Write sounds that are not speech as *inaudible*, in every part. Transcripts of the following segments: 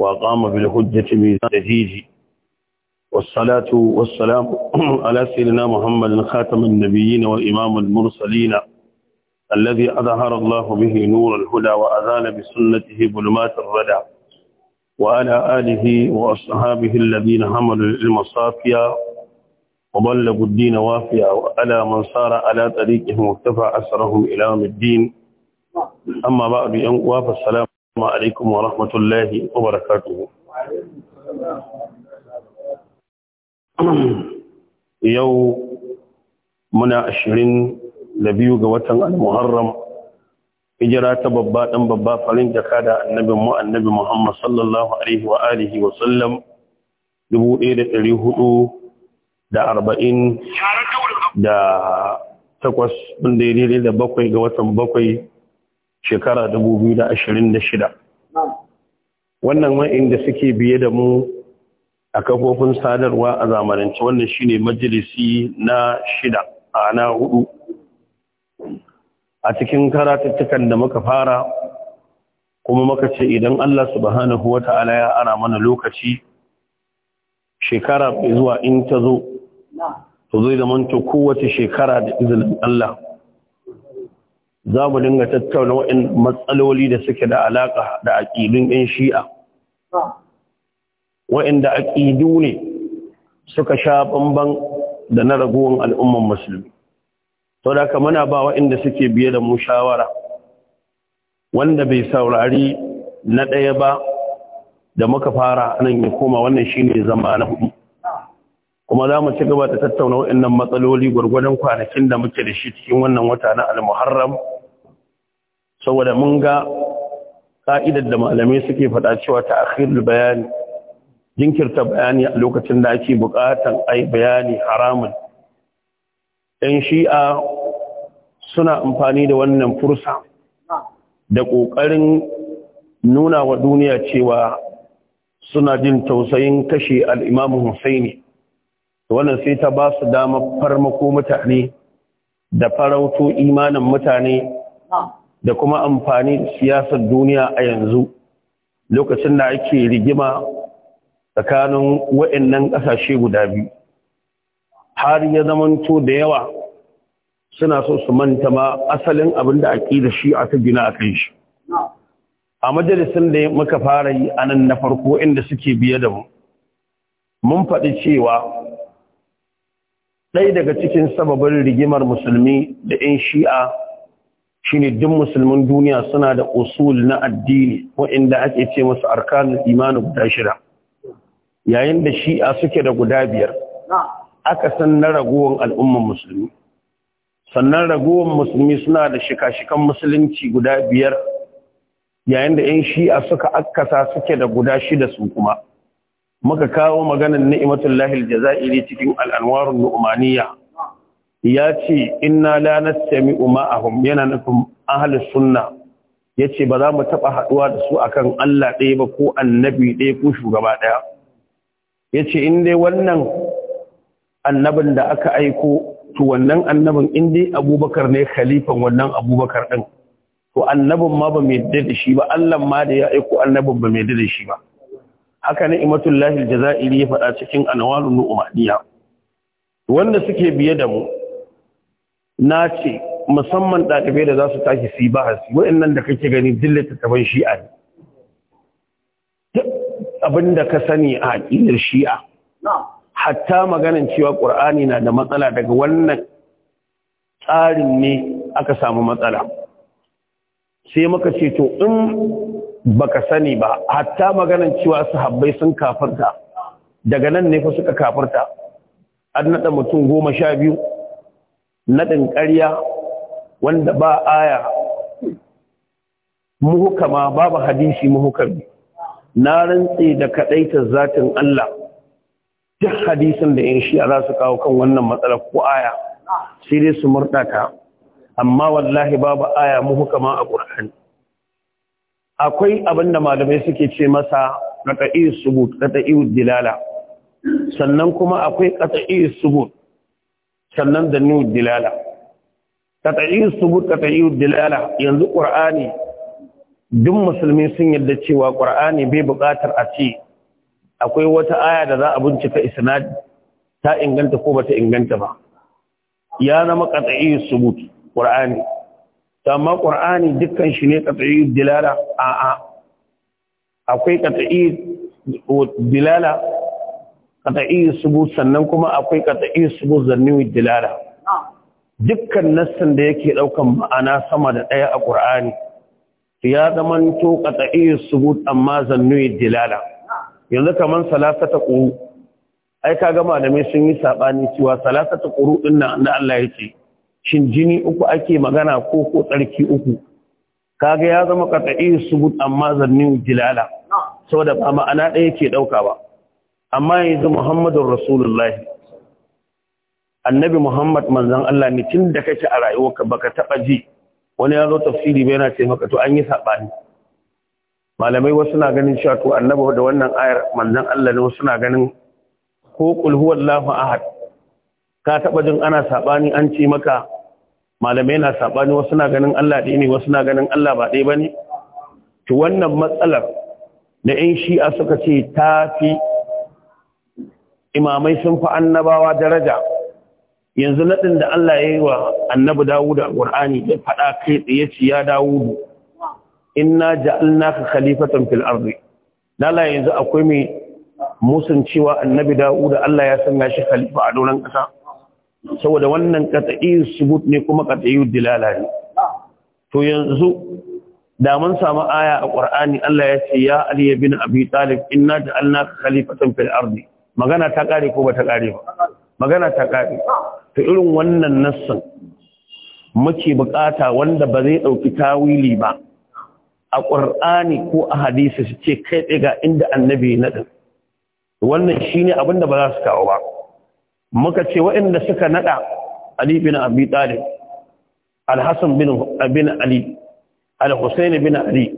وأقام بالحجة ميزان دجيج والصلاة والسلام *clears throat* على سيدنا محمد خاتم النبيين وإمام المرسلين الذي أظهر الله به نور الهدى وأذان بسنته ظلمات الردى وعلى آله وأصحابه الذين حملوا العلم صافيا وبلغوا الدين وافيا وعلى من صار على طريقهم واكتفى أسرهم إلى الدين أما بعد أن السلام Assalamu alaikum wa rahmatullahi wa barakatuhu. *clears throat* Yau muna ashirin da biyu ga watan al-Muharram, hijira ta babba ɗan babba farin jaka da annabin mu annabi Muhammad sallallahu Alaihi wa alihi wa sallam dubu ɗaya da ɗari hudu da arba'in da takwas, wanda daidai da bakwai ga watan bakwai shekara da ashirin 2026 wannan wa'inda suke biye da mu a kafofin sadarwa a zamanance wannan shine majalisi na shida a na hudu a cikin karatattukan da muka fara kuma muka ce idan Allah subhanahu Ta'ala ya ara mana lokaci shekara zuwa in ta zo to zai zamanta kowace shekara da izinin Allah za mu dinga tattauna wa'in matsaloli da suke da alaƙa da aƙidun 'yan shi'a waɗanda aƙidu ne suka sha bamban da na ragowar al'umman musulmi sau da muna ba waɗanda suke biye da mu shawara wanda bai saurari na ɗaya ba da muka fara nan ya koma wannan shine zama na hudu kuma za mu ci gaba da tattauna waɗannan matsaloli gwargwadon kwanakin da muke da shi cikin wannan wata na al saboda mun ga ka'idar da malamai suke faɗa cewa ta akhirul bayani jinkirta bayani a lokacin da ake buƙatan ai bayani haramun ɗan shi'a suna amfani da wannan fursa da ƙoƙarin nuna wa duniya cewa suna jin tausayin kashe al'imamu Husaini to wannan sai ta ba su dama farmako mutane da farauto imanin mutane da kuma amfani siyasar duniya a yanzu lokacin da ake rigima tsakanin wa'annan ƙasashe guda biyu har ya zamanto da yawa suna so su manta ma asalin abin da da shi aka gina a kan shi a majalisun da muka fara yi a nan na farko inda suke biye da mu mun faɗi cewa ɗaya daga cikin sababin rigimar musulmi da 'yan shi'a shi ne duk musulmin duniya suna da usul na addini waɗanda ake ce masu arkanin imanin guda shida yayin da shi'a suke da guda biyar aka san na ragowar al'umman musulmi sannan ragowar musulmi suna da shika-shikan musulunci guda biyar yayin da 'yan shi'a suka akasa suke da guda shida su kuma muka kawo maganar ni'matullahi jazairi cikin al'anwarun nu'maniya ya ce inna la nastami'u ma'ahum yana nufin ahlus sunna yace ba za mu taba haduwa da su akan Allah ɗaya ba ko annabi ɗaya ko shugaba ɗaya yace in dai wannan annabin da aka aiko to wannan annabin in dai abubakar ne khalifan wannan abubakar ɗin to annabin ma ba mai da shi ba allah ma da ya aiko annabin ba mai da shi ba haka ni'matul lahi aljazairi ya faɗa cikin anwalun nu'maniya wanda suke biye da mu nace musamman ɗalibai da zasu su tashi su ba bahasi waɗannan da kake gani dillata taban shi'a abinda ka sani a aƙidar shi'a hatta maganin cewa ƙur'ani na da matsala daga wannan tsarin ne aka samu matsala sai muka ce to in baka sani ba hatta maganan cewa sahabbai sun kafarta daga nan ne fa suka kafarta an nada mutum goma sha biyu nadin ƙarya wanda ba aya muhukama babu hadisi muhukami na rantse da kaɗaita zatin Allah duk hadisin da in shi za su kawo kan wannan matsala ko aya sai dai su murɗa ta amma wallahi babu aya muhukama a ƙur'ani akwai abin da malamai suke ce masa ƙata'i subut ƙata'i dilala sannan kuma akwai ƙata'i subut sannan da nu dilala ƙata'i subut ƙata'i dilala yanzu ƙur'ani duk musulmi sun yarda cewa ƙur'ani bai buƙatar a ce akwai wata aya da za a bincika isnad ta inganta ko bata inganta ba ya zama ƙata'i subut ƙur'ani amma qur'ani dukkan shi ne ƙatsayi dilala a'a akwai ƙatsayi dilala ƙatsayi subu sannan kuma akwai ƙatsayi subu wa dilala dukkan nassan da yake ɗaukan ma'ana sama da ɗaya a ƙur'ani ya zaman to ƙatsayi subu amma wa dilala yanzu kamar salasata ƙuru ai ka gama da mai sun yi saɓani cewa salasata ƙuru ɗin na Allah ya ce shin jini uku ake magana ko ko tsarki uku kaga ya zama qat'i subut amma zanni jilala saboda ba ma'ana ɗaya ke ɗauka ba amma yanzu muhammadur rasulullahi annabi muhammad manzon Allah ne tun da kake a rayuwarka baka taba ji wani ya zo tafsiri bai yana ce maka to an yi saɓani. malamai wasu na ganin shato, to annabi da wannan ayar manzon Allah ne wasu na ganin ko qul huwallahu ahad ka taba jin ana sabani an ce maka malamai na saɓani wasu na ganin Allah ɗaya ne wasu na ganin Allah ba ɗaya ba ne? Ki wannan matsalar da ‘yan shi'a suka ce ta fi imamai sun fi annabawa daraja yanzu naɗin da Allah ya yi wa annabi Dawudu da Ƙur'ani ya faɗa kai tsaye ci ya Dawudu inna ka khalifatan fil ardi la yanzu akwai mai musun cewa annabi Dawudu Allah ya sanya shi khalifa a doron ƙasa saboda wannan kata'iyyu subut ne kuma kata'iyyu dilala ne to yanzu da mun samu aya a Qur'ani Allah ya ce ya Ali ibn Abi Talib inna ja'alnaka khalifatan fil ardi magana ta kare ko ba ta kare ba magana ta kare to irin wannan nassan muke bukata wanda ba zai dauki tawili ba a Qur'ani ko a hadisi su ce kai tsaye ga inda annabi na din wannan shine abin da ba za su kawo ba muka ce waɗanda suka naɗa. Ali bin Abi Talib al hassan bin bin Ali al bin Ali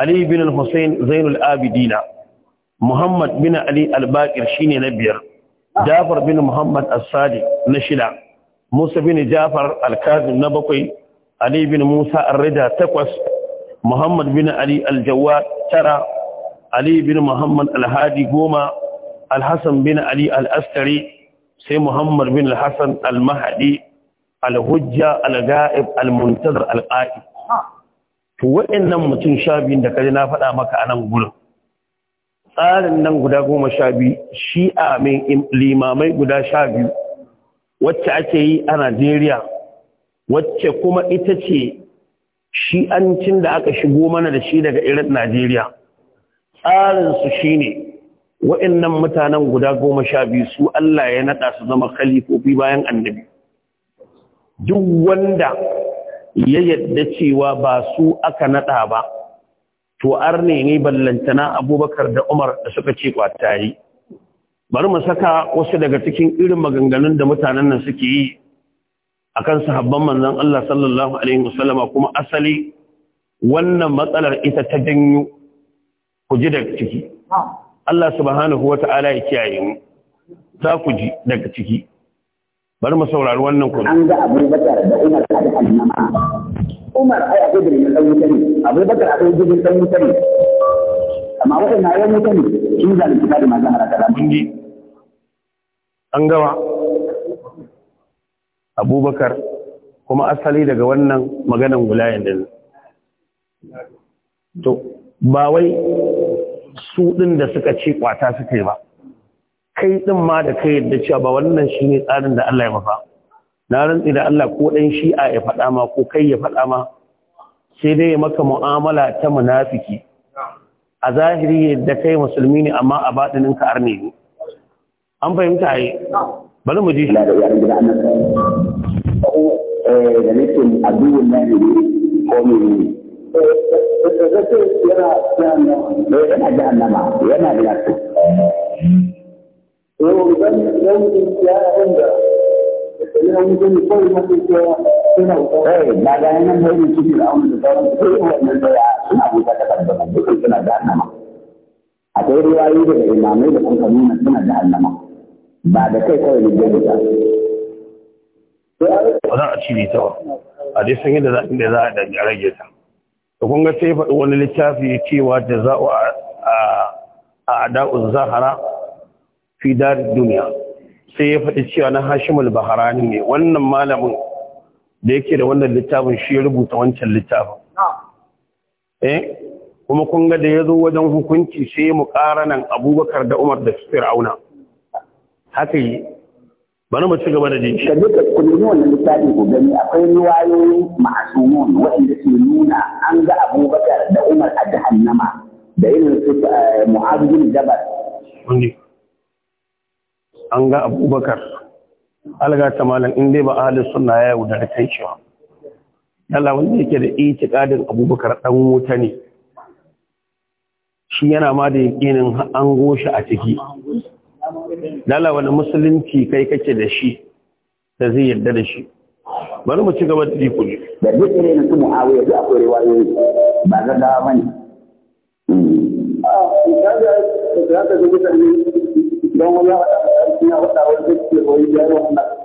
Ali bin Al-Husayn Zainul Abidina Muhammad bin Ali Al-Baqir shine na biyar Jafar bin Muhammad As-Sadiq na shida Musa bin Jafar Al-Kazim na bakwai Ali bin Musa Ar-Rida takwas Muhammad bin Ali Al-Jawad tara Ali bin Muhammad Al-Hadi goma al hassan bin Ali Al-Askari sai muhammad bin hassan al-mahadi al-hujja al-ga'ib al-muntazir al-qa'i to waɗannan mutum sha biyun da kaji na faɗa maka a nan gurin tsarin nan guda goma sha biyu shi'a mai limamai guda sha biyu wacce ake yi a najeriya wacce kuma ita ce shi'ancin da aka shigo mana da shi daga irin najeriya tsarinsu shine wa'annan mutanen guda goma sha biyu su Allah ya naɗa su zama khalifofi bayan annabi duk wanda ya yadda cewa ba su aka naɗa ba to arne ne ballantana abubakar da umar da suka ce kwatayi bari mu saka wasu daga cikin irin maganganun da mutanen nan suke yi a akan sahabban manzan Allah sallallahu alaihi wasallama kuma asali wannan matsalar ita ta janyo ku ji daga ciki Allah subhanahu wa ta'ala ya kiyaye mu za ku ji daga ciki bari mu saurari wannan kuma an ga abubakar da umar da annama umar ai akwai da mai tsawo tani abubakar a da mai tsawo tani amma wata na yawan mutane sun zalunci da manzo haraka da mun ji an gawa abubakar kuma asali daga wannan maganan gulayen da to ba wai su ɗin da suka ce kwata suka yi ba kai ɗin ma da kai yadda cewa ba wannan shi ne tsarin da Allah ya mafa na rantsi da Allah ko ɗan shi'a ya faɗa ma ko kai ya faɗa ma sai dai ya maka mu'amala ta munafiki a zahiri yadda kai musulmi ne amma a baɗinin ka arne ne an fahimta yi bari mu ji shi eh, da nake abubuwan ne ko ne yana jahannama yana da nasu yau idan ya inda yana yi gani kawai mafi cewa suna wuta eh ba ga yanan haihu cikin ra'amun da sauran su sai wannan tsaya suna wuta ta karbar dukkan suna jahannama akwai riwayoyi daga imamai da kuma na suna jahannama ba da kai kawai ne gani ba ba za a cire ta ba a dai sun yi da za a rage ta da kun ga sai faɗi wani littafi cewa da za'u a ada'u zahara fi dari duniya sai ya faɗi cewa na hashimul baharani ne wannan malamin da yake da wannan littafin shi ya rubuta wancan littafin eh kuma kun ga da ya zo wajen hukunci sai mu ƙara nan abubakar da umar da fir'auna haka yi bana mu ci gaba da ji da duka ku ni wannan littafin ko gani akwai ruwayoyi ma'asumun waɗanda ke nuna an ga Abubakar da Umar a jahannama da irin su eh, Mu'adh bin Jabal an ga Abubakar alga ta malam in dai ba ahli sunna ya da kai shi ba Allah wanda yake da itikadin Abubakar dan wuta ne shi yana ma da yakinin an goshi a ciki lala wani musulunci kai kake da shi da zai yarda da shi bari mu ci gaba da diku ne da duk irin ya muawiya da akwai riwayoyi ba ah, ga dawa bane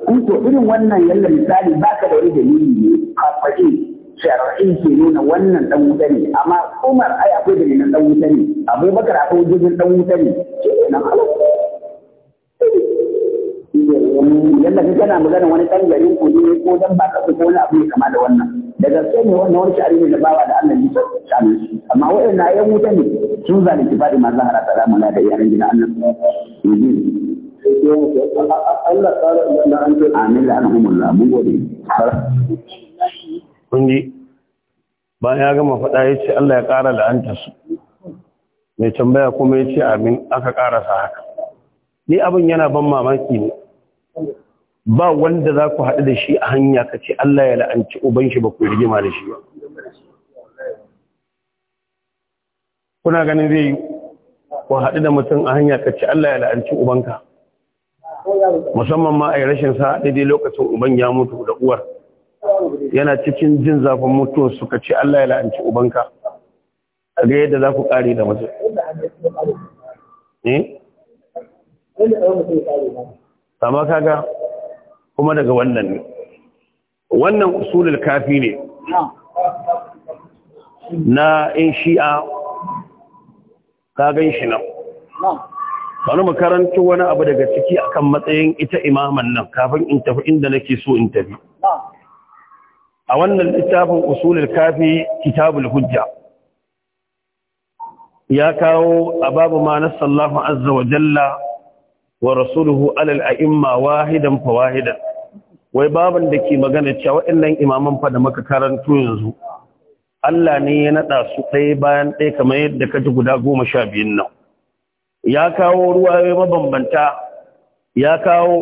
in to irin wannan yalla misali baka da wani dalili ne kafaɗi shar'i ke nuna wannan dan wuta ne amma Umar ai akwai dalilan dan wuta ne Abubakar akwai wajen dan wuta ne kenan Allah koyi yadda ka gana magana wani ɗan garin koyi ne ko dan ba kasu ko wani abu ne kama da wannan da gaske ne wannan wani shari'a ne da bawa da Allah ji sha'anin su amma waɗanda ya wuta ne sun zalunci faɗi ma zahara salamu na da yaran gina Allah Allah tsara da an ce amin la anhumullah mun gode kun ji bayan ya gama faɗa ya ce Allah ya ƙara la'anta su mai tambaya kuma ya ce amin aka ƙarasa haka ni abin yana ban mamaki ne ba wanda za ku haɗu da shi a hanya ka ce Allah ya la'anci uban shi ba ku rigima da shi ba kuna ganin zai yi ku haɗu da mutum a hanya ka ce Allah ya la'anci ubanka musamman ma a yi rashin sa daidai lokacin uban ya mutu da uwar yana cikin jin zafin mutuwar suka ce Allah ya la'anci ubanka a ga yadda za ku ƙare da mutum eh? amma kaga kuma daga wannan ne wannan usulul kafi ne na in shi'a kagan shi nan bari mu karanta wani abu daga ciki akan matsayin ita imaman nan kafin in tafi inda nake so in tafi a wannan littafin usulul kafi kitabul hujja ya kawo a babu ma nasallahu azza wa jalla wa rasuluhu alal a'imma wahidan fa wahidan wai baban da ke magana cewa waɗannan imaman fa da maka karantu yanzu Allah ne ya nada su ɗaya bayan ɗaya kamar yadda ka ji guda goma sha biyun nan ya kawo ya mabambanta ya kawo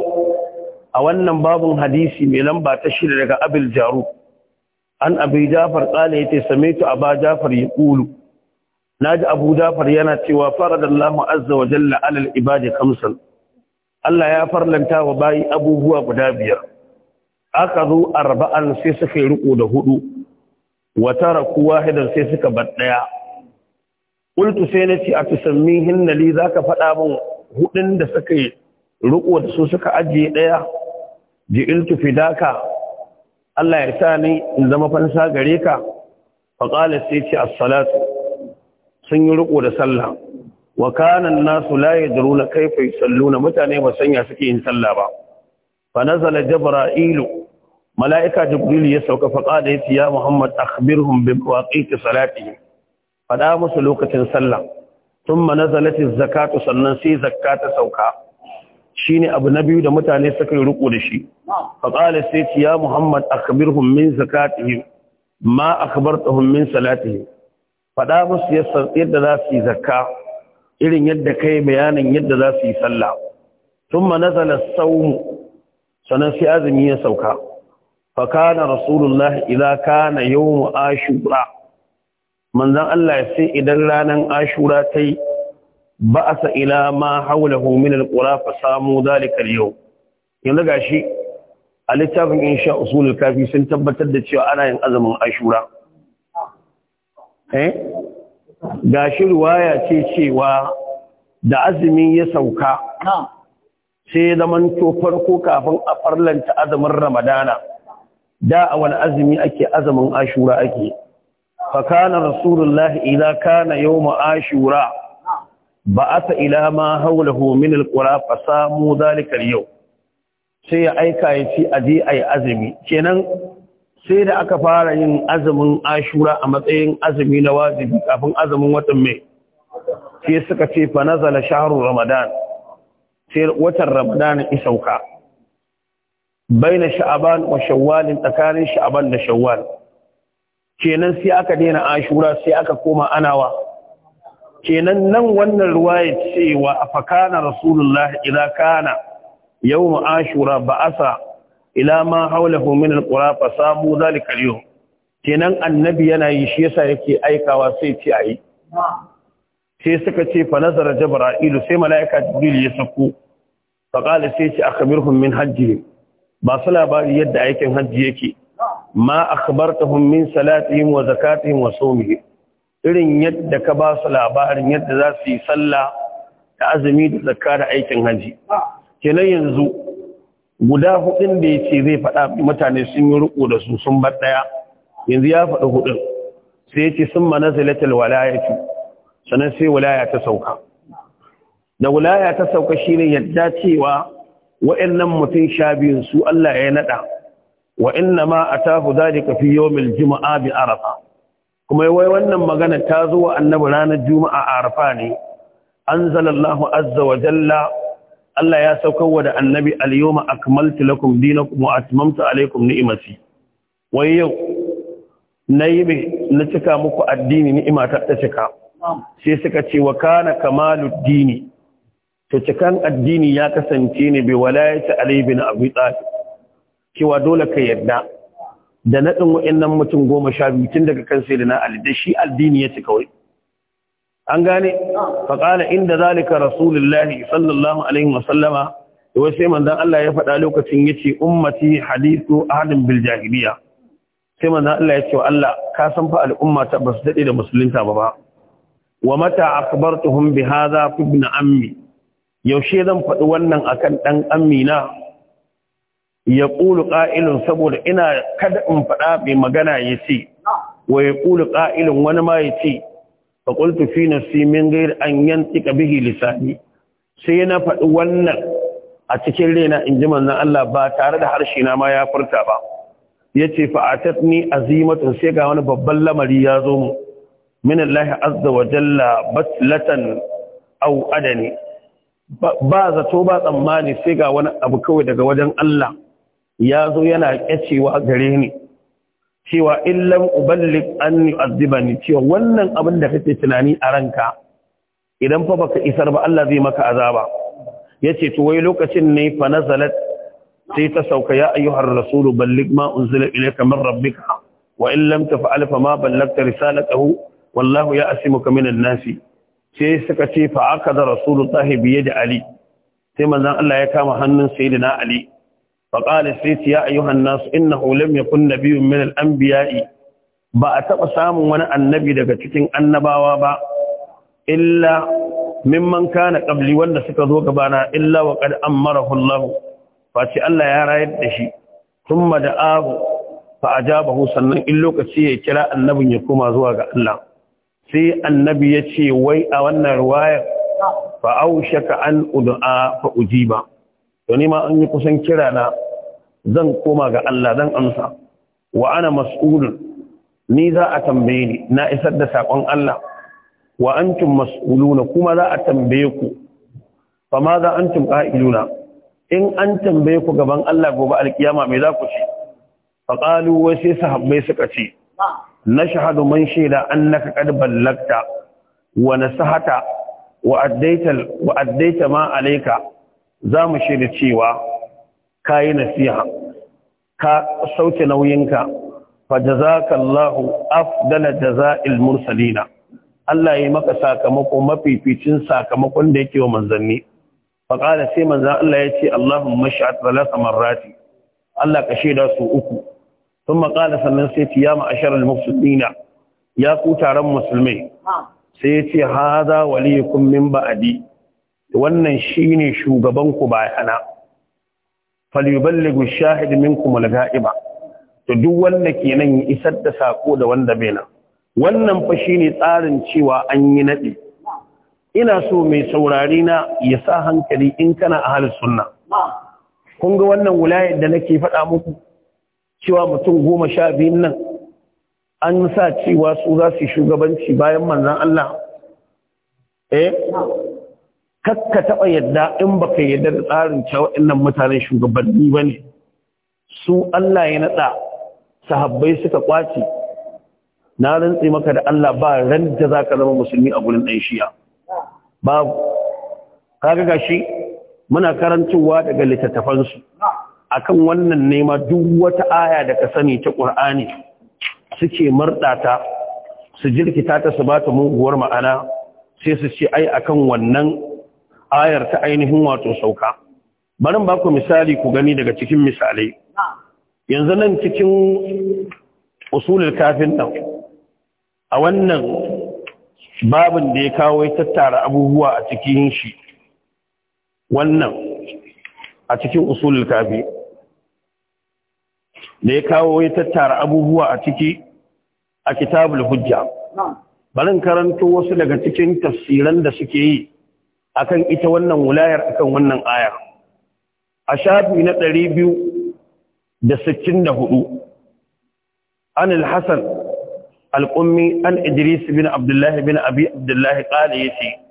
a wannan babun hadisi mai lamba ta shida daga abil jaru an abi jafar qala yace samitu aba jafar ya naji abu jafar yana cewa faradallahu azza wa jalla alal ibadi kamsan Allah ya farlanta wa bayi abubuwa guda biyar aka zo arba'an sai suka yi riko da hudu wa taraku wahidan sai suka bar ɗaya. ultu sai na ce a tusammihin li ka faɗa min hudun da suka yi riko da su suka ajiye daya ji'iltu fidaka Allah ya sa ni in zama fansa gare ka fa qala sai ce as-salatu sun yi riko da sallah wa kana an-nasu la yadruna kayfa yusalluna mutane ba sanya suke yin sallah ba fa nazala jibril malaika jibril ya sauka fa qala ya tiya muhammad akhbirhum bi salatihi fa da musu lokacin sallah thumma nazalat az-zakatu sannan sai zakata sauka shine abu na biyu da mutane suka yi ruku da shi fa qala sai ya muhammad akhbirhum min zakatihi ma akhbartuhum min fa da musu yadda za su yi zakka irin yadda kai bayanin yadda za su yi sallah Tun ma nazala saumu sannan sai azumi ya sauka Fa kana rasulullah idan kana yawmu ashura manzon Allah ya sai idan ranan ashura ta yi ba'asa ila ma haulahu min alqura fa samu zalika al yanzu gashi a littafin insha usulul kafi sun tabbatar da cewa ana yin azumin ashura eh ga shi ruwaya ce cewa da azumin ya sauka sai zama to farko kafin a farlanta azumin ramadana da a wani azumi ake azumin ashura ake fakana rasulullahi ila kana yauma ashura Ba'asa ila ma hawlahu min alqura samu dhalika yau. sai ya aika ya ce aje ayi azumi kenan sai da aka fara yin azumin ashura a matsayin azumi na wajibi kafin azumin watan mai sai suka ce fa nazala shahru ramadan sai watan ramadan ya sauka baina sha'ban wa shawwal tsakanin sha'aban da shawwal kenan sai aka daina ashura sai aka koma anawa kenan nan wannan ruwaya cewa afakana rasulullahi idza kana yawm ashura ba'asa ila ma haulahu min alqura fa samu zalika al kenan annabi yana yi shi yasa yake aikawa sai ce ayi sai suka ce fa nazara jibril sai malaika jibril ya sako fa qala sai ce akhbirhum min hajji ba su labari yadda aikin hajji yake ma akhbartahum min salatihim wa zakatihim wa sawmihim irin yadda ka ba su labarin yadda za su yi sallah da azumi da zakka da aikin hajji kenan yanzu guda hudun da ya ce zai faɗa mutane sun yi riko da su sun bar ɗaya yanzu ya faɗi hudun sai ya ce sun mana zilatul walayatu sannan sai walaya ta sauka da walaya ta sauka shine yadda cewa wa'annan mutum sha biyun su Allah ya naɗa wa a ma atahu zalika fi mil juma'a bi arafa kuma wai wannan magana ta zo wa annabi ranar juma'a arafa ne anzalallahu azza wa jalla Allah ya saukar wa da annabi al-yawma akmaltu lakum dinakum wa atmamtu alaykum ni'mati wai yau nayi na cika muku addini ni'imata ta cika sai suka ce wa kana kamaluddini to cikan addini ya kasance ne bi walayati ali bin abi talib cewa dole ka yarda da nadin wa'annan mutum goma sha biyu tun daga kan da ali da shi addini ya cika wai an gane faƙala inda zalika rasulullahi sallallahu alaihi wasallama da sai manzan Allah ya faɗa lokacin ya ce ummati hadithu ahadin bil jahiliya sai manzan Allah ya ce wa Allah ka san fa al'umma ta basu daɗe da musulunta ba ba wa mata akbartuhum bi hadha ibn ammi yaushe zan faɗi wannan akan dan ammi na ya ƙulu ƙa'ilun saboda ina kada in faɗa mai magana ya ce wa ya ƙulu ƙa'ilun wani ma ya fi na fi min ghair an bihi lisani sai na faɗi wannan a cikin raina in ji manzan Allah ba tare da harshe na ma ya furta ba Ya ce fa ni azimatun sai ga wani babban lamari ya zo mu min Allah azza wa jalla batlatan aw adani ba zato ba tsammani sai ga wani abu kawai daga wajen Allah ya zo yana kyacewa gare ni cewa illan uballig an yu'azzibani cewa wannan abin da kake tunani a ranka idan fa baka isar ba Allah zai maka azaba yace to wai lokacin ne fa nazalat sai ta sauka ya ayyuhar rasulu ballig ma unzila ilayka min rabbika wa in lam taf'al fa ma ballagta risalatahu wallahu ya'simuka minan nasi sai suka ce fa aka da rasulullahi biye da ali sai manzon Allah ya kama hannun sayyidina ali faƙali sai ya ayyuhan nasu innahu lam yakun nabiyyun min al-anbiya'i ba a taɓa samun wani annabi daga cikin annabawa ba illa mimman kana qabli wanda suka zo gabana illa wa an mara Allah face Allah ya rayar da shi thumma da'ahu fa ajabahu sannan in lokaci ya kira annabin ya koma zuwa ga Allah sai annabi ya ce wai a wannan riwayar fa shaka an ud'a fa ba. to ni ma an yi kusan kira na zan koma ga Allah zan amsa wa ana mas'ulun ni za a tambaye ni na isar da sakon Allah wa antum mas'uluna kuma za a tambaye ku fa ma za antum qa'iluna in an tambaye ku gaban Allah gobe alkiyama me za ku ce fa qalu wa sai sahabbai suka ce nashhadu man shaida annaka qad ballagta wa nasahata wa addaita wa addaita ma alayka za mu shaida cewa ka yi nasiha ka sauke nauyinka fa jazakallahu afdala jaza'il mursalina Allah ya maka sakamako mafificin sakamakon da yake wa manzanni fa qala sai manzan Allah ya ce Allahumma sha'at thalatha marrati Allah ka shaida su uku thumma qala sannan sai ce ya ma'asharal muslimina ya ku taron musulmai sai ya ce hadha waliyukum min ba'di wannan shine shugaban ku bayana falyuballighu shahid minkum al ghaiba to duk wanda kenan ya isar da sako da wanda bai nan wannan fa shine tsarin cewa an yi nadi ina so mai saurari na ya sa hankali in kana ahli sunna kun ga wannan wulayar da nake faɗa muku cewa mutum goma sha biyun nan an sa cewa su za su shugabanci bayan manzan Allah eh kakka taɓa yadda in baka yadda da tsarin cewa waɗannan mutanen shugabanni ba ne su Allah ya naɗa sahabbai suka kwace na rantsi maka da Allah ba ran da za ka zama musulmi a gurin ɗan shiya babu kaga gashi muna karantowa daga littattafansu A kan wannan nema duk wata aya da ka sani ta ƙur'ani suke murɗata su jirkita ta su ba ta muguwar ma'ana sai su ce ai akan wannan ayar ta ainihin wato sauka barin ba ku misali ku gani daga cikin misalai yanzu nan cikin usulul kafin nan a wannan babin da ya kawo ya tattara abubuwa a cikin shi wannan a cikin usulul kafin, da ya kawo ya tattara abubuwa a ciki a kitabul hujja barin karanto wasu daga cikin tafsiran da suke yi akan ita wannan wulayar akan wannan aya. a shafi na 264 an al-hasan al-qummi an idris bin abdullah bin abi abdullah qala yace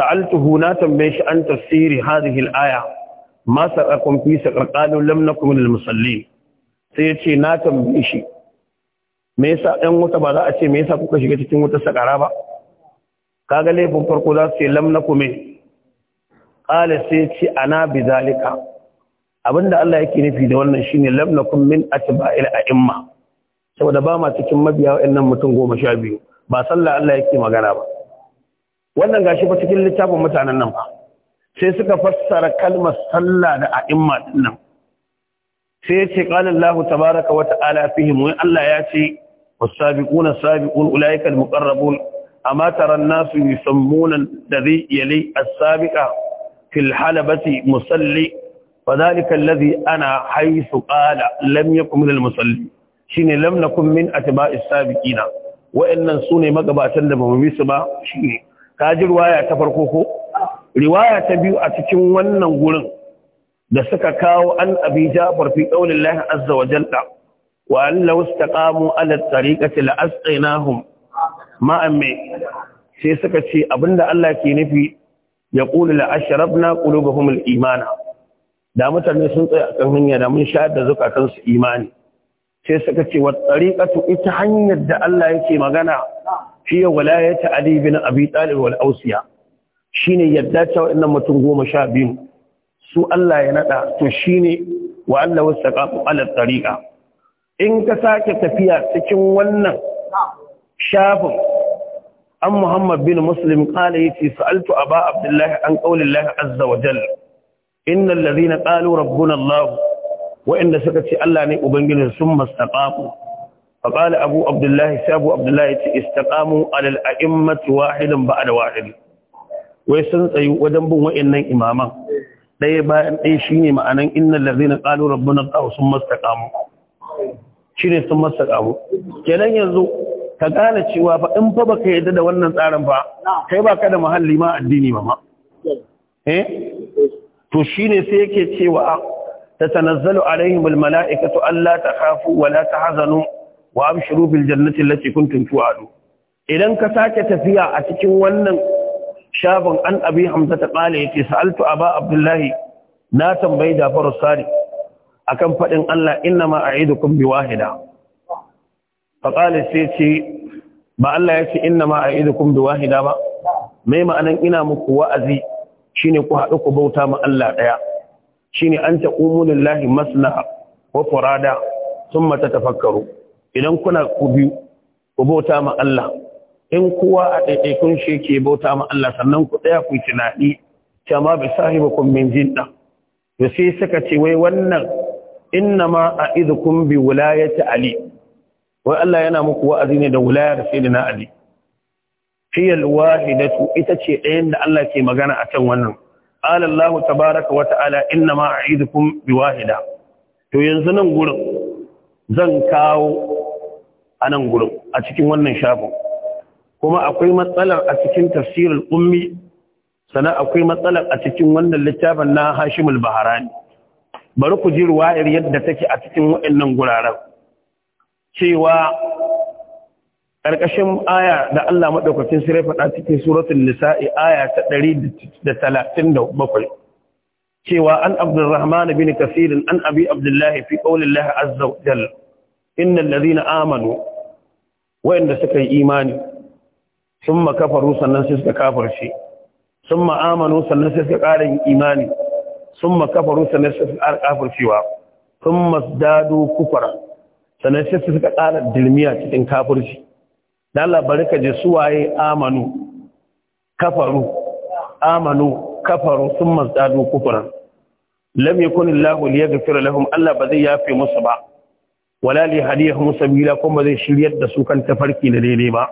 sa'altuhu na tambaye shi an tafsiri hadhihi al-aya ma sarakum fi saqalu lam nakum lil musallin sai yace na tambaye shi me yasa ɗan wuta ba za a ce me yasa kuka shiga cikin wuta sakara ba kaga laifin farko za su ce lamna kuma. qala sai ce ana bizalika abinda Allah yake nufi da wannan shine lam nakum min atba'il a'imma saboda ba ma cikin mabiya wa'annan mutum goma sha biyu ba sallah Allah yake magana ba wannan gashi fa cikin littafin mutanen nan fa sai suka fassara kalmar sallah da a'imma din nan sai ya ce qala Allah wata wa ta'ala fihim wa Allah ya ce والسابقون السابقون أولئك المقربون أما ترى الناس يسمون الذي يلي السابقة في الحلبة مصلي فذلك الذي أنا حيث قال لم يكن من المصلي شيني لم نكن من أتباع السابقين وإن سوني مقباتا لمميس ما شيني تاجي رواية تفرقوه رواية تبيو أتكن ونن قولن da suka kawo an abi jafar fi ƙaunin lahin azza wa jalla wa an lausta ƙamu ala tsariƙati la'asƙainahum ma'amme sai suka ce abinda Allah ke nufi Ya yaqulu la ashrabna ga al-imana da mutane sun tsaya kan hanya da mun shayar da zukatan su imani sai suka ce wa tariqatu ita hanyar da Allah yake magana fiye walayata Ali bin Abi Talib wal Ausiya shine yadda ta wannan mutum goma sha biyu su Allah ya nada to shine wa Allah wasaqatu ala tariqa in ka sake tafiya cikin wannan shafin an muhammad bin muslim kala yace sa'altu aba abdullahi an qaulillahi azza wa jalla innal ladhina qalu rabbuna allah wa inda suka ce allah ne ubangijin sun mastaqamu fa qala abu abdullahi sai abu abdullahi yace istaqamu alal a'immati wahidan ba'da wahid wai sun tsayu wajen bin wa'annan imaman ɗaya bayan ɗaya shi ne ma'anan innan lardina ƙalu rabbin al'ahu sun mastaƙamu shi ne sun mastaƙamu kenan yanzu ka gane cewa fa in fa baka yadda da wannan tsarin ba kai baka da muhalli ma addini ba ma eh to shine sai yake cewa tatanazzalu alaihim almalaikatu alla takhafu wa la tahzanu wa abshiru bil jannati allati kuntum tu'adu idan ka sake tafiya a cikin wannan shafin an abi hamza ta kale yace sa'altu aba abdullahi na tambayi jafaru sari akan fadin Allah inna ma a'idukum bi wahida faƙalis sai ce ba Allah ya ce inna ma a kun bi wahida ba mai ma'anan ina muku wa'azi shine ku haɗu ku bauta ma Allah ɗaya shine an taqumu lillahi maslaha wa furada thumma tatafakkaru idan kuna ku biyu ku bauta ma Allah in kowa a ɗaiɗaikun shi ke bauta ma Allah sannan ku ɗaya ku tunani cewa bi sahibukum min jinna to sai suka ce wai wannan innama a'idukum bi wilayati ali wai Allah yana muku wa'azi ne da wulayar na Ali fiyal wahidatu ita ce ɗayan da Allah ke magana a can wannan qala ta baraka wa ta'ala inna ma bi wahida, to yanzu nan gurin zan kawo a nan gurin a cikin wannan shafin kuma akwai matsalar a cikin tafsirin ummi sana akwai matsalar a cikin wannan littafin na Hashimul Baharani bari ku ji ruwayar yadda take a cikin waɗannan guraren cewa ƙarƙashin aya da Allah maɗaukacin sirai faɗa cikin suratun nisa'i aya ta ɗari da talatin da bakwai cewa an abdurrahman bin kasirin an abi abdullahi fi ƙaunin laha azza wa jal innan lazina amanu wayanda suka yi imani sun makafaru sannan sai suka kafarci sun ma'amanu sannan sai suka ƙara yin imani sun makafaru sannan sai suka ƙara kafarcewa sun masdadu kufara sannan sai su suka ƙara dirmiya cikin kafurci da Allah bari ka je suwaye amanu kafaru amanu kafaru sun mazdadu kufuran lam yakun Allah liyaghfir lahum Allah ba zai yafe musu ba wala li hadiyahum sabila kuma zai shiryar da su kan tafarki da daidai ba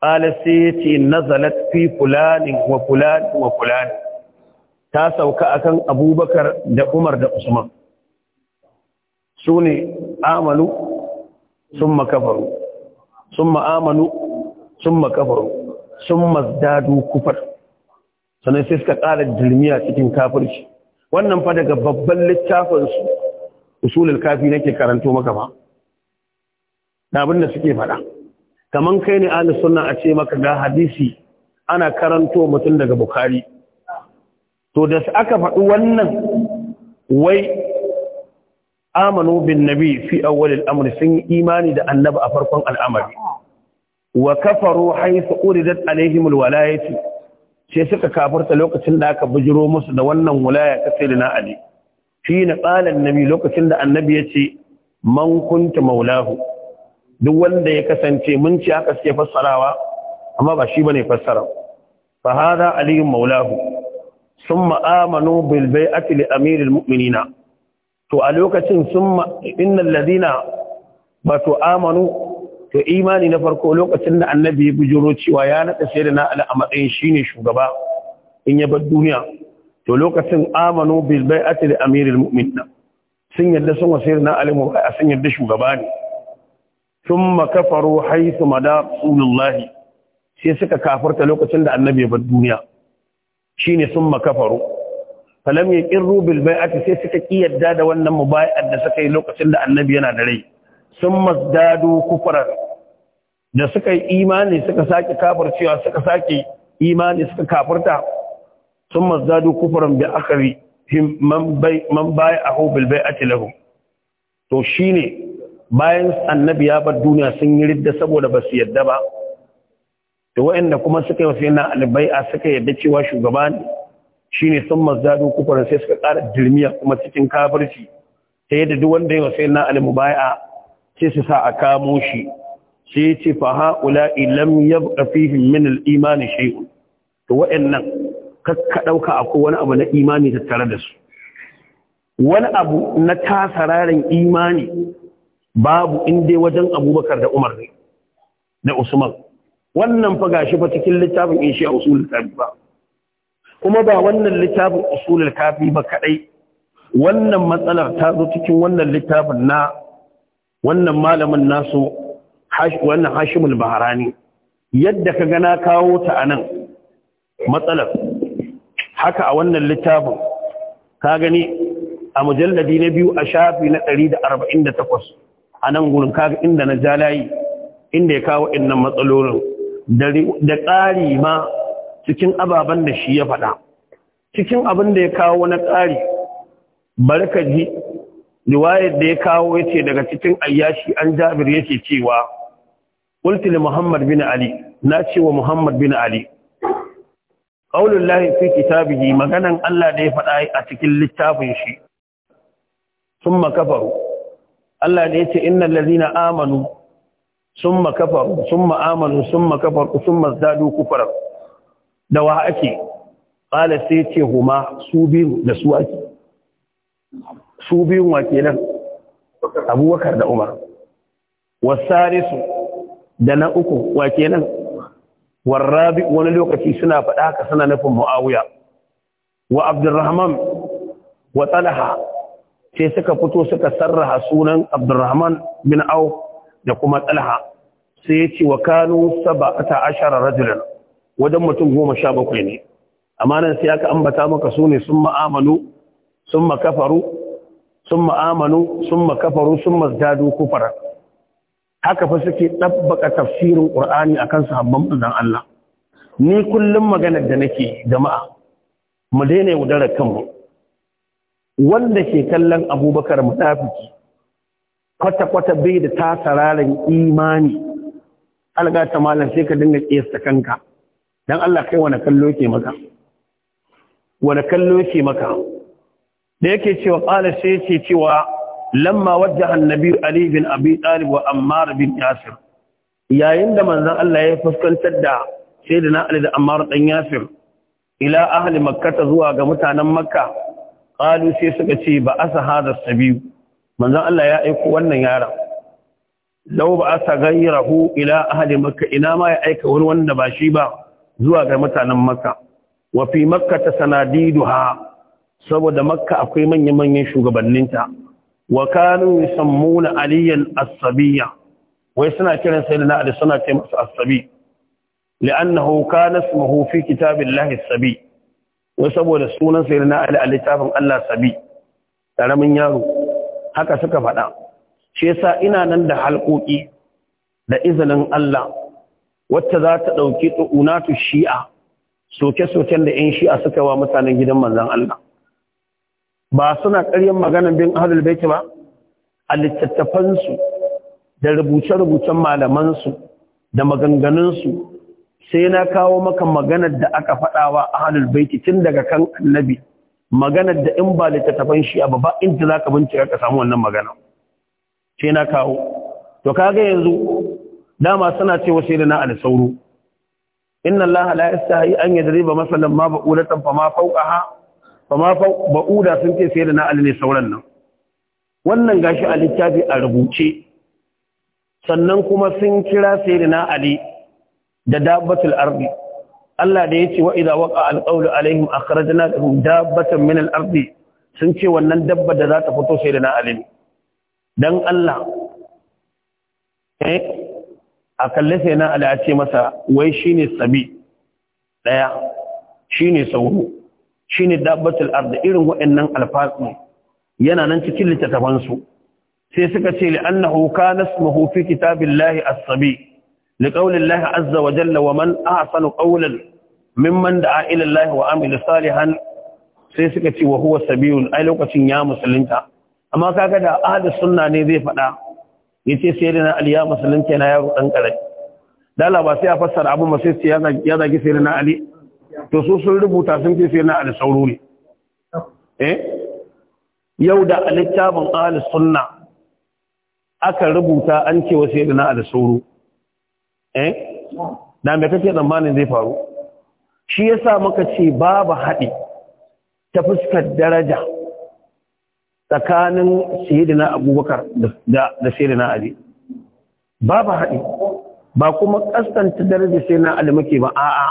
qala sayyati nazalat fi fulanin wa fulan wa fulan ta sauka akan Abubakar da Umar da Usman su ne amanu sun makafaru sun ma'amanu sun makafaru sun mazdadu kufar sannan sai suka ƙara jirmiya cikin kafirci wannan fa daga babban littafinsu usulul kafi nake karanto maka ba da abinda suke faɗa kaman kai ne ahli sunna a ce maka ga hadisi ana karanto mutum daga bukhari to da aka faɗi wannan wai amanu bin nabi fi awwalil amri sun yi imani da annabi a farkon al'amari wa kafaru haythu uridat alaihim alwalayatu sai suka kafarta lokacin da aka bujiro musu da wannan wulaya ta sayyidina ali shi na qala Nabi lokacin da annabi ce, man kunta maulahu duk wanda ya kasance mun ci aka suke fassarawa amma ba shi bane fassara fa hada ali maulahu thumma amanu bil bai'ati li amiril mu'minina to a lokacin sun innal ladina to amanu to imani na farko lokacin da annabi ya bujuro cewa ya naɗa sai da na ala a matsayin ne shugaba in ya bar duniya to lokacin amanu bilbai ati da amirul mu'minin sun yadda sun wasiyar na alimu a sun yadda shugaba ne thumma kafaru haisu mada rasulullahi sai suka kafarta lokacin da annabi ya bar duniya shi shine thumma kafaru falam ya kirru bil bai'ati sai suka kiyarda da wannan mubai'ar da suka yi lokacin da annabi yana da rai sun masdadu kufran da suka yi imani suka sake kafircewa suka sake imani suka kafirta sun masdadu kufran bi akhari him man bai man bai'ahu bil bai'ati lahu to shine bayan annabi ya bar duniya sun yi ridda saboda ba su yadda ba to wa'anda kuma suka yi wasu yana albai'a suka yadda cewa shugaba ne Shi shine sun mazdadu kufurin sai suka ƙara dirmiya kuma cikin kafirci ta yadda duk wanda ya wasai na alimubaya mubaia sai su sa a kamo shi sai ya ce fa haƙula ilam ya fihim min al Shehu. to wa'annan kakka ɗauka akwai wani abu na imani tattare da su wani abu na tasararin imani babu inda wajen Abubakar da Umar ne da Usman wannan fa gashi fa cikin littafin in shi a usul littafi ba kuma ba wannan littafin usulul kafi ba kadai wannan matsalar ta zo cikin wannan littafin na wannan malamin nasu wannan hashimul baharani yadda ka gana kawo ta anan matsalar haka a wannan littafin ka gani a mujalladi na biyu a shafi na 148 a nan gurin kaga inda na jalayi inda ya kawo innan matsalolin da tsari ma cikin ababen da shi ya faɗa cikin abin da ya kawo na tsari barka ji riwayar da ya kawo ya ce daga cikin ayyashi an jabir yake cewa qultu da muhammad bin ali na ce wa muhammad bin ali ƙaunin lahi fi kitabihi maganan Allah da ya faɗa a cikin littafin shi Sun makafaru Allah da yace innal ladina amanu summa kafaru sun amanu sun kafaru sun zadu kufran da wa ake ƙala sai ce huma su biyu da su ake su biyun wa kenan abubakar da umar Salisu da na uku wa kenan warrabi wani lokaci suna faɗa haka suna nufin mu'awuya wa abdurrahman wa talaha sai suka fito suka sarraha sunan abdurrahman bin au da kuma talaha sai ya ce wa kanu saba'ata ashara rajulan wajen mutum goma sha bakwai ne amma nan sai aka ambata maka su ne sun ma'amalu sun makafaru sun ma'amalu sun makafaru sun mazdadu kufara haka fa suke ɗabbaka tafsirin ƙur'ani akan sahabban manzon Allah ni kullum maganar da nake jama'a mu daina yaudarar kanmu wanda ke kallon abubakar mutafiki kwata-kwata bai da tasararin imani ta malam sai ka dinga ƙesa kanka dan Allah kai wani kallo ke maka wani kallo ke maka da yake cewa qala sai ce cewa lamma wajen annabi ali bin abi talib wa ammar bin yasir yayin da manzan Allah ya fuskantar da da ali da ammar dan yasir ila ahli makka zuwa ga mutanen makka Ƙalu sai suka ce ba sa hada sabiyu Manzan Allah ya aiko wannan yaron lau ba asa gairahu ila ahli makka ina ma ya aika wani wanda ba shi ba zuwa ga mutanen makka wa fi makka ta sanadiduha saboda makka akwai manya-manyan shugabanninta wa kanu yusammuna aliyan as-sabiyya wai suna kiran na ali suna kai masa as-sabi li'annahu kana ismuhu fi kitabillahi as-sabi wai saboda sunan na ali a littafin Allah sabi karamin yaro haka suka faɗa shi yasa ina nan da halƙoƙi da izinin Allah wacce za ta ɗauki tsunatu shi'a soke-soken da 'yan shi'a suka wa mutanen gidan manzan Allah ba suna ƙaryar maganan bin ahlul baiti ba a littattafansu da rubuce-rubucen malamansu da maganganunsu sai na kawo maka maganar da aka faɗawa ahlul baiti tun daga kan annabi maganar da in ba littattafan shi'a ba ba inda za ka bincika ka samu wannan magana sai na kawo to kaga yanzu dama suna cewa wa da na al-sauru inna allaha la yastahi an yadriba masalan ma ba'udatan fama fawqaha fa ba'uda sun ce sai ne sauran nan wannan gashi a littafi a rubuce sannan kuma sun kira sai na ali da dabbatul ardi Allah da yace wa idza waqa al-qawlu alaihim akhrajna lahum dabbatan min al sun ce wannan dabba da za ta fito sai a na ali dan Allah eh, a kalle sai na ala ce masa wai shine sabi daya shine sauro shine dabbatul ard irin waɗannan alfasu yana nan cikin littattafan su sai suka ce li annahu kana ismuhu fi kitabillahi as-sabi liqaulillahi azza wa jalla wa man ahsanu qawlan mimman da'a ila allahi wa amila salihan sai suka ce wa huwa sabiyun ai lokacin ya musulunta amma kaga da ahli sunna ne zai faɗa yace sai da na ali ya musulunta na yaro dan karami dala ba sai a fassara abu ba sai ya zagi sai da na ali to su sun rubuta sun ce sai na ali sauro ne eh yau da alittabin ahli sunna aka rubuta an ce sai da na ali sauro eh da me kake tsammanin zai faru shi yasa muka ce babu haɗi ta fuskar daraja tsakanin sayyidina abubakar da sayidina sayyidina ali babu haɗi ba kuma ƙasƙanta darajar sayidina ali muke ba a'a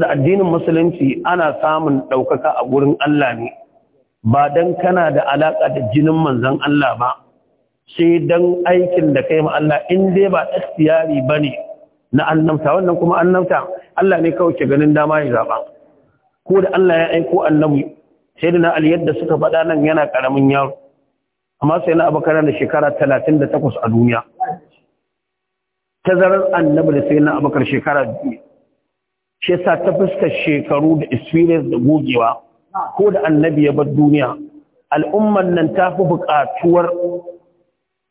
da addinin musulunci ana samun ɗaukaka a gurin Allah ne ba don kana da alaƙa da jinin manzon Allah ba sai don aikin da kai Allah in dai ba ba ne na annabta wannan kuma annabta Allah ne kawai ke ganin dama ya zaɓa. ko da Allah ya aiko annabi sai da na ali yadda suka faɗa nan yana ƙaramin yaro amma sai na abakar da shekara talatin a duniya tazarar annabi da sai na abakar shekara biyu shi sa ta fuskar shekaru da experience da gogewa ko da annabi ya bar duniya al'umman nan ta fi buƙatuwar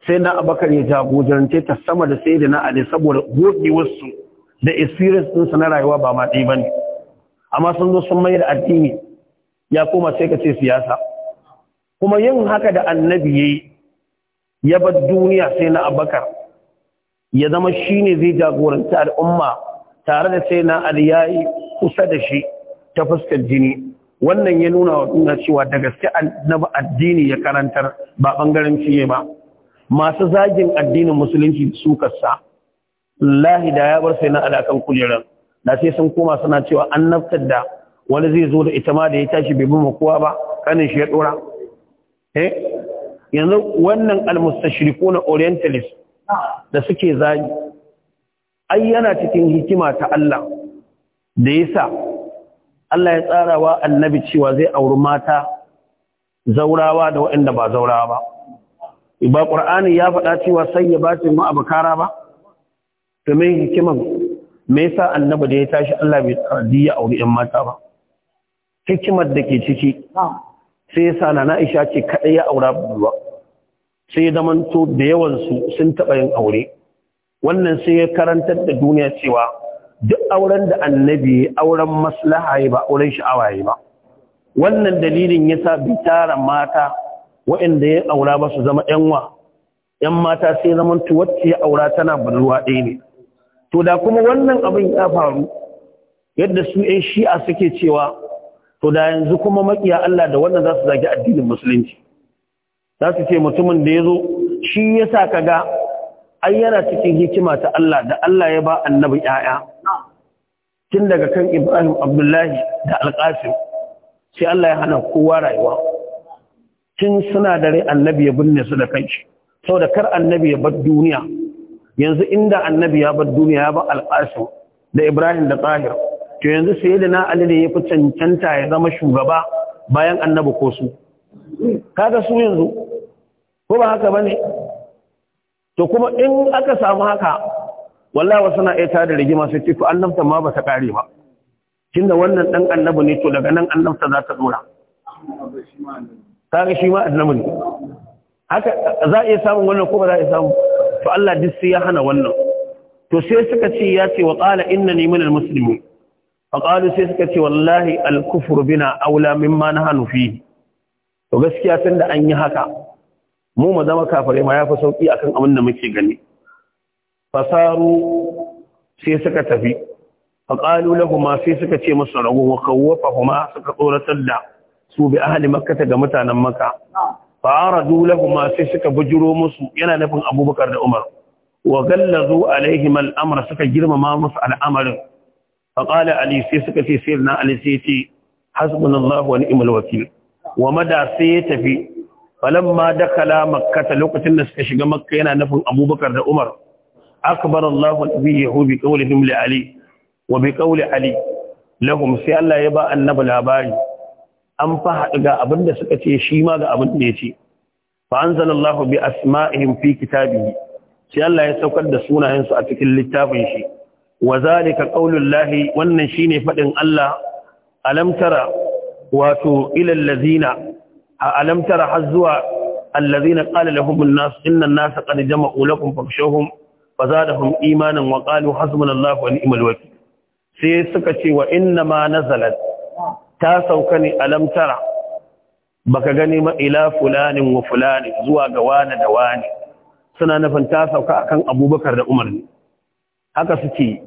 sai na abakar ya jagorance ta sama da sai da na ali saboda gogewarsu da experience ɗinsu na rayuwa ba ma ɗaya ba ne amma sun zo sun mai da addini ya koma sai ka ce siyasa kuma yin haka da annabi yi ya bar duniya sai na abakar ya zama shi ne zai jagoranci al'umma tare da sai na aliyayi kusa da shi ta fuskar jini wannan ya nuna wa duniya cewa da gaske annabi addini ya karantar ba bangaren ciye ba masu zagin addinin musulunci su kasa lahi da ya bar sai na alakan kujerar da sai sun koma suna cewa annabtar da wani zai zo da ita ma da ya tashi bai bi kowa ba kanin shi ya dora eh yanzu wannan na orientalist da suke zagi ai yana cikin hikima ta Allah da yasa Allah ya tsara wa annabi cewa zai auri mata zaurawa da waɗanda ba zaurawa ba ba qur'ani ya faɗa cewa sai ya bace mu abukara ba to me hikiman me yasa annabi da ya tashi Allah bai tsara ya auri 'yan mata ba hikimar da ke ciki sai yasa na Aisha ce kadai ya aura buwa sai zamanto da yawan su sun taɓa yin aure wannan sai ya karantar da duniya cewa duk auren da annabi auren maslaha ya ba auren sha'awa ya ba wannan dalilin yasa bi tara mata waɗanda ya aura ba su zama yanwa yan mata sai zamanto wacce ya aura tana budurwa ɗaya ne to da kuma wannan abin ya faru yadda su 'yan shi'a suke cewa to da yanzu kuma makiya Allah da wannan za su zagi addinin musulunci za su ce mutumin da ya zo shi ya sa ka ga ai yana cikin hikima ta Allah da Allah ya ba annabi ‘ya'ya tun daga kan Ibrahim Abdullahi da Alƙasim sai Allah ya hana kowa rayuwa tun suna da rai annabi ya binne su da kanshi sau da kar annabi ya bar duniya yanzu inda annabi ya bar duniya ya ba Alƙasim da Ibrahim da Tahir to yanzu sai da na ali ne ya fi cancanta ya zama shugaba bayan annabi ko su kaga su yanzu ko ba haka bane to kuma in aka samu haka wallahi wasu na aita da rigima sai ce annabta ma ba ta kare ba tunda wannan dan annabi ne to daga nan annabta za ta dora kaga shi ma annabi ne haka za a iya samun wannan ko ba za a iya samu to Allah duk sai ya hana wannan to sai suka ce ya ce wa qala innani minal muslimin faƙalu sai suka ce wallahi alkufur bina aula mimma na hannu fi to gaskiya tun da an yi haka mu ma zama kafare ma ya fi sauƙi akan abin da muke gani fasaru sai suka tafi faƙalu lahuma sai suka ce masu rago wa kawwafa huma suka tsoratar da su bi ahli makka ga mutanen makka fa'aradu lahuma sai suka bujiro musu yana nufin abubakar da umar wa gallazu alaihim al'amra suka girmama musu al'amarin faƙali ali sai suka fi sayar na alisiti hasbunallahu wa ni'mal wakil wa mada sai ya tafi falamma dakala Makkata lokacin da suka shiga makkah yana nufin abubakar da umar akbarallahu bi yahubi qawlihim li ali wa bi qawli ali lahum sai allah ya ba annabi labari an fa hadiga abinda suka ce shi ga abin da yace fa anzalallahu bi asma'ihim fi kitabihi sai allah ya saukar da sunayen su a cikin littafin shi wa zalika qaulullahi wannan shine fadin Allah alam tara wato ila allazina alam tara hazwa allazina qala lahum an-nas inna an-nasa qad jama'u lakum fakhshawhum fazadahum imanan wa qalu hasbunallahu wa ni'mal wakeel sai suka ce wa inna ma nazalat ta sauka ne alam tara baka gani ma ila fulanin wa fulani zuwa ga wani da wani suna nufin ta sauka akan abubakar da umar ne haka suke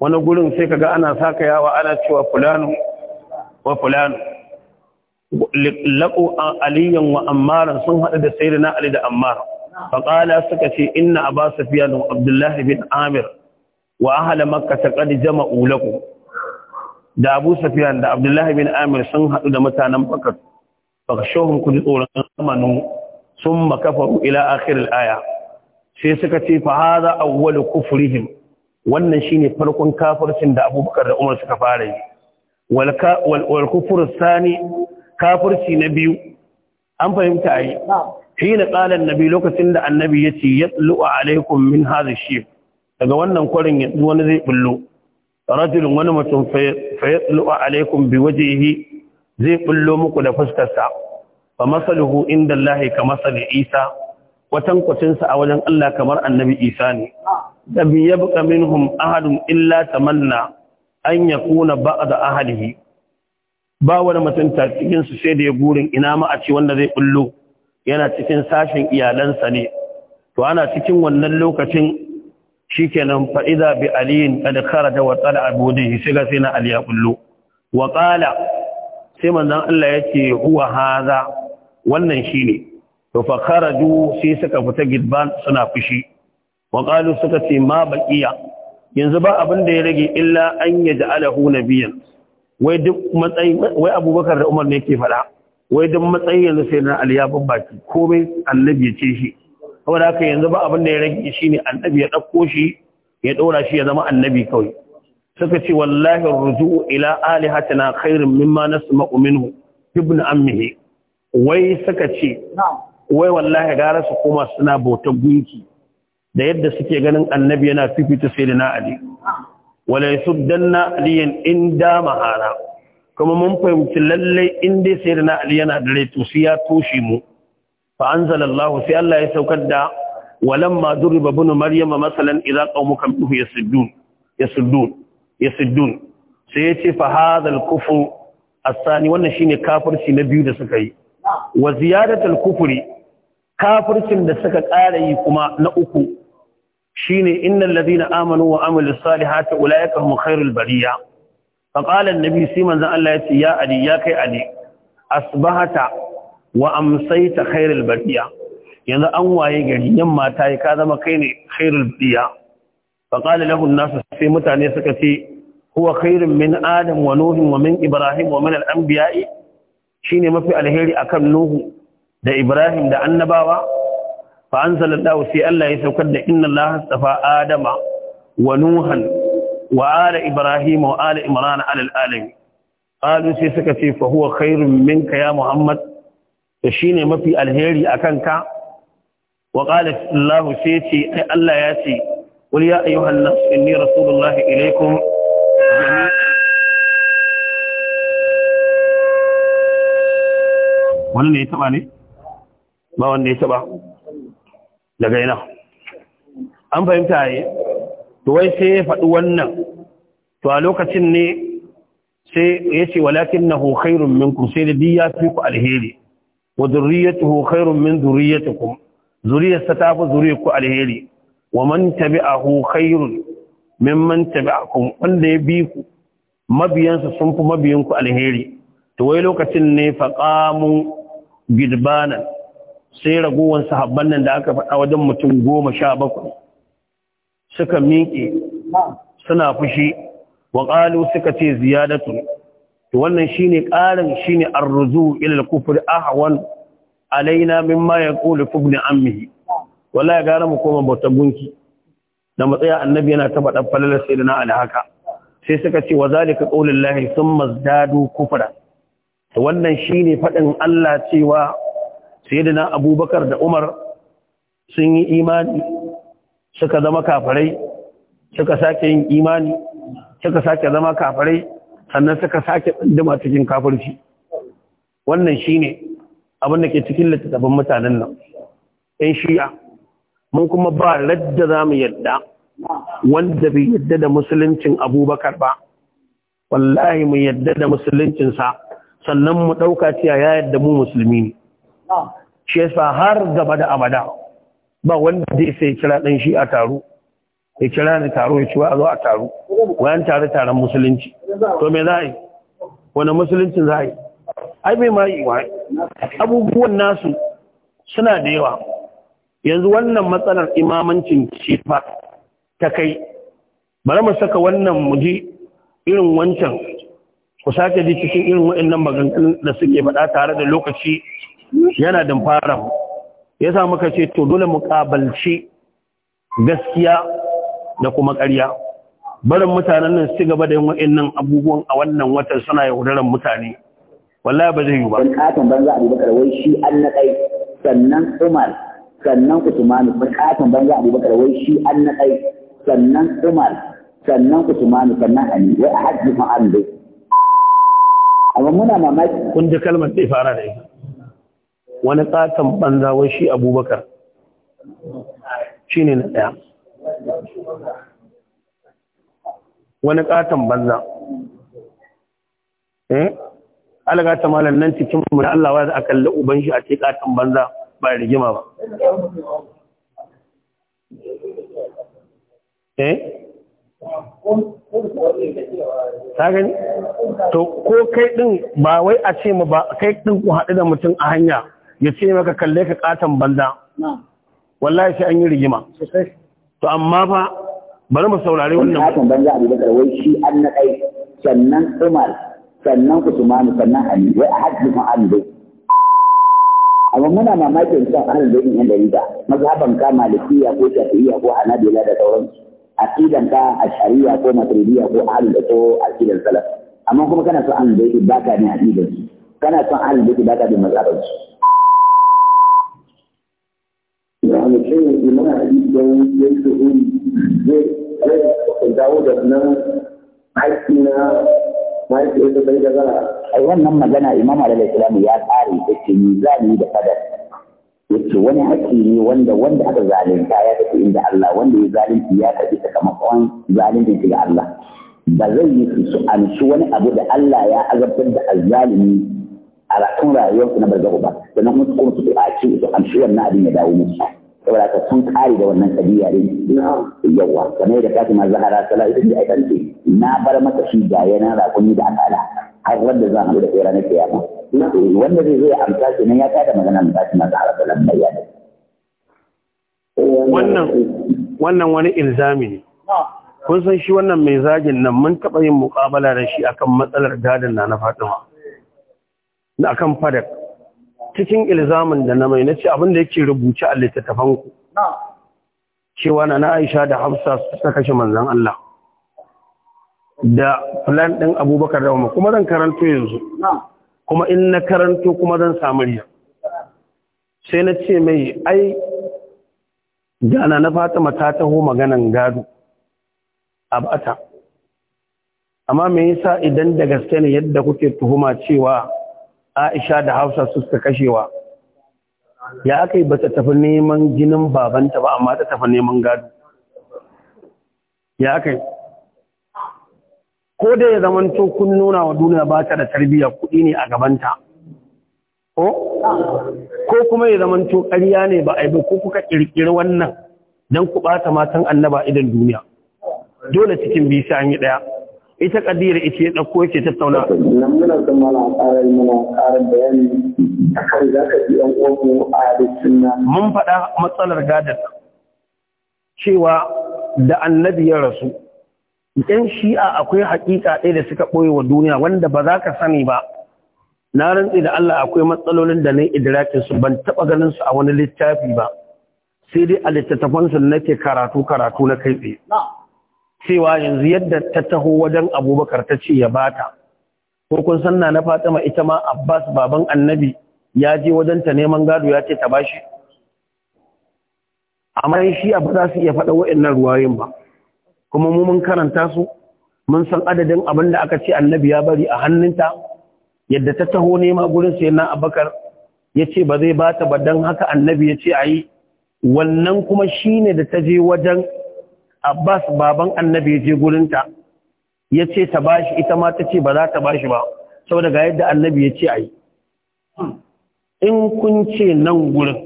wani gurin sai kaga ana saka yawa ana cewa fulano wa fulano laƙo aliyan wa ammaran sun haɗu da sayar na ali da ammar faƙala suka ce inna a ba safiya don abdullahi bin amir wa ahala makka ta jama'u da abu safiya da abdullahi bin amir sun haɗu da mutanen bakar baka shohun ku ji tsoron amanu sun makafaru ila akhirar aya sai suka ce fa haza awwalu kufrihim wannan shine farkon kafircin da abubakar da umar suka fara yi wal kufur sani kafirci na biyu an fahimta ayi hina na annabi lokacin da annabi yace yatlu alaikum min hadha shif daga wannan kwarin yanzu wani zai bullo rajulun wani mutum fa yatlu alaikum biwajhihi zai bullo muku da fuskar sa fa masaluhu inda Allah ka masali Isa kwatankwacinsa a wajen Allah kamar annabi Isa ne. Da bi ya min hum ahadun illa manna, an ya kuna ba da ahadihi. Ba wani mutum ta cikinsu sai da ya gurin ina ma a ce wanda zai bullo yana cikin sashen iyalansa ne. To ana cikin wannan lokacin shi kenan fa'iza bi aliyin kada kara da watsala abu da shi sai na Ali ya bullo. Wa sai manzan Allah yake ce huwa haza wannan shi ne. to fa kharaju sai suka fita gidban suna fushi wa qalu suka ce ma baqiya yanzu ba abin da ya rage illa an yaj'alahu nabiyyan wai duk matsayin wai abubakar da umar ne ke faɗa wai duk matsayi yanzu sai na ali ya komai annabi ya ce shi saboda haka yanzu ba abin da ya rage shine annabi ya dauko shi ya ɗora shi ya zama annabi kawai suka ce wallahi ruju'u ila alihatina khairun mimma nasma'u minhu ibn ammihi wai suka ce wai wallahi gara su koma suna bautar gunki da yadda suke ganin annabi yana fifita sayyidina ali wala yusuddanna aliyan in dama hana? kuma mun fahimci lallai in dai sayyidina ali yana da rai su ya toshe mu fa anzalallahu sai Allah ya saukar da walamma duriba bunu maryama masalan idza qaumuka bihi yasuddun ya yasuddun sai yace fa hadal kufru asani wannan shine kafirci na biyu da suka yi wa ziyadatul kufri kafircin da suka ƙara yi kuma na uku shine inna ladina amanu wa amilus salihati ya hum khairul bariya fa na biyu nabi sai manzon Allah yace ya ali ya kai ali asbahata wa ta khairul bariya yanzu an waye gari yamma ta yi ka zama kai ne khairul bariya fa qala lahu sai mutane suka ce huwa khairun min adam wa Nuhi wa min ibrahim wa min al-anbiya'i shine mafi alheri a kan nuhu da Ibrahim da annabawa fa anzalallahu sai Allah ya saukar da inna Allah astafa Adama wa Nuhan wa ala Ibrahim wa ala Imran alal alamin qalu sai suka ce fa huwa khairun minka ya Muhammad da shine mafi alheri akan ka wa qala Allah sai ce ai Allah ya ce qul ya ayyuhan nas inni rasulullahi ilaykum wannan ne ya taba ne ba wanda ya taba daga ina an fahimta yi to wai sai ya faɗi wannan to a lokacin ne sai ya ce walakin na khairun minkum sai da ya fi ku alheri wa zurriyatuhu khairun min zurriyatikum zuriyarsa ta fi zuriyarku alheri wa man tabi'ahu khairun a tabi'akum wanda ya bi ku mabiyansa sun fi mabiyanku alheri to wai lokacin ne faqamu gidbanan sai ragowar sahabban nan da aka faɗa wajen mutum goma sha bakwai suka miƙe suna fushi wa ƙalu suka ce ziyadatu wannan shine ƙarin shine arruzu ila al-kufr ahwan alaina fubni an mihi wala ya gara mu koma bauta gunki da matsaya annabi yana ta ɗan falalar da na haka sai suka ce wa zalika qaulullahi thumma zadu kufra wannan shine faɗin Allah cewa sai da na abubakar da umar sun yi imani suka zama kafarai suka sake yin imani suka sake zama kafarai sannan suka sake tsandama cikin kafirci wannan shine abin da ke cikin littattafan mutanen nan ɗan shi'a mun kuma ba ladda za mu yadda wanda bai yadda da musuluncin abubakar ba wallahi mu yadda da musuluncinsa sannan mu ɗauka cewa ya yadda mu musulmi ne shi yasa har gaba da abada ba wanda zai sai kira dan shi a taro ya kira ni taro ya ci wa a zo a taro wayan tare taron musulunci to me za a yi wani musuluncin za a yi ai bai ma yi wa abubuwan nasu suna da yawa yanzu wannan matsalar imamancin ce fa ta kai bari mu saka wannan mu ji irin wancan ku sake ji cikin irin waɗannan maganganun da suke faɗa tare da lokaci yana damfara ya yasa muka ce to dole mu kabalce gaskiya da kuma ƙarya barin mutanen nan su gaba da yin wa'annan abubuwan a wannan watan suna yaudaran mutane wallahi ba zai yi ba bukatan banza abu bakar wai shi an na kai sannan umar sannan usmanu bukatan banza abu bakar wai shi an na kai sannan umar sannan usmanu sannan ali wai a hajji ma'an dai amma muna mamaki kun ji kalmar sai fara da ita wani katon banza wai shi abubakar shi ne na ɗaya wani katon banza eh alaga ta malam nan cikin mu da Allah wa aka kalli uban shi a ce katon banza ba rigima ba eh ta gani to ko kai din ba wai a ce mu ba kai din ku haɗu da mutum a hanya ya ce maka kalle ka katon banda wallahi sai an yi rigima to amma fa bari mu saurari wannan katon banda abu da wai shi an na kai sannan umar sannan usman sannan ali wai hadisi ma ali dai amma muna mamakin kan ali dai inda da riga mazhaban ka malikiya ko shafi'iyya ko hanabila da sauran? aqidan ka ash'ariyya ko maturidiyya ko ahlul ko aqidan salaf amma kuma kana son ahlul bait baka ne aqidan kana son ahlul bait baka ne mazhaban su يوم يسوع زي داود ابن عيسى ما يسوع زي جزاء أيوان نما نعم، جنا إمام عليه السلام يا تاري تشيني زاني دفدا يتشو وانا حكيني وانا وانا حتى زالين تاياتك عند الله وانا يزالين تياتك كما قوان زالين تيجي الله بزي يسوع أن شو وانا أبو ده الله يا أغبت ده الزالين على كل يوم نبذ غبا لأنهم تقوم تطيع شيء أن شو وانا أبي نداوي مصحف saboda ka sun kare da wannan kabiya ne yawa kamar da kafin ma zahara sala ita ce aikan ce na bar maka shi ga yana rakuni da akala har wanda zan haɗu da kai na kiyama eh, wanda zai zo ya amsa shi nan ya kada magana da kafin ma zahara sala mai yana eh, wannan eh. wannan wani ilzami ne kun san shi wannan mai zagin nan mun taɓa yin muƙabala da shi akan matsalar gadon na na fatima akan fadak cikin ilzamin da na mai na ce abin da yake rubuce a littattafanku cewa na Aisha da Hafsa ta kashe manzan Allah da filan ɗin Abubakar da kuma zan karanto yanzu kuma in na karanto kuma zan samu riya sai na ce mai ai gana na Fatima ta taho maganan gado a bata amma me yasa idan da gaske ne yadda kuke tuhuma cewa Aisha da Hausa suka kashewa ya aka yi ta tafi neman jinin babanta ba amma ta tafi neman gado ya aka ko da ya zama to kun nuna wa duniya ba ta da tarbiyya kuɗi ne a gabanta ko ko kuma ya zama to ƙarya ne ba a yi ba ko kuka ƙirƙiri wannan don ku ɓata matan annaba idan duniya dole cikin bisa an yi ɗaya ita kadira ita ya dauko yake tattauna nan muna mala karar muna karar bayani akan an a mun faɗa matsalar gadar cewa da annabi ya rasu yan shi'a akwai hakika ɗaya da suka ɓoye wa duniya wanda ba za ka sani ba na rantsi da Allah akwai matsalolin da na idrakin su ban taɓa ganin su a wani littafi ba sai dai a littattafansu nake karatu karatu na kai tsaye cewa yanzu yadda ta taho wajen abubakar ta ce ya bata ko kun sanna na fatima ita ma abbas baban annabi ya je wajen ta neman gado ya ce ta bashi amma shi ba za su iya faɗa wa'annan ruwayin ba kuma mu mun karanta su mun san adadin abin da aka ce annabi ya bari a hannunta yadda ta taho nema gurin sai na abakar ya ce ba zai bata ba don haka annabi ya ce a yi wannan kuma shi ne da ta je wajen Abbas baban annabi je gurinta ya ce ta bashi ita ma ta ce ba za ta bashi ba saboda ga yadda annabi ya ce a yi in kun ce nan gurin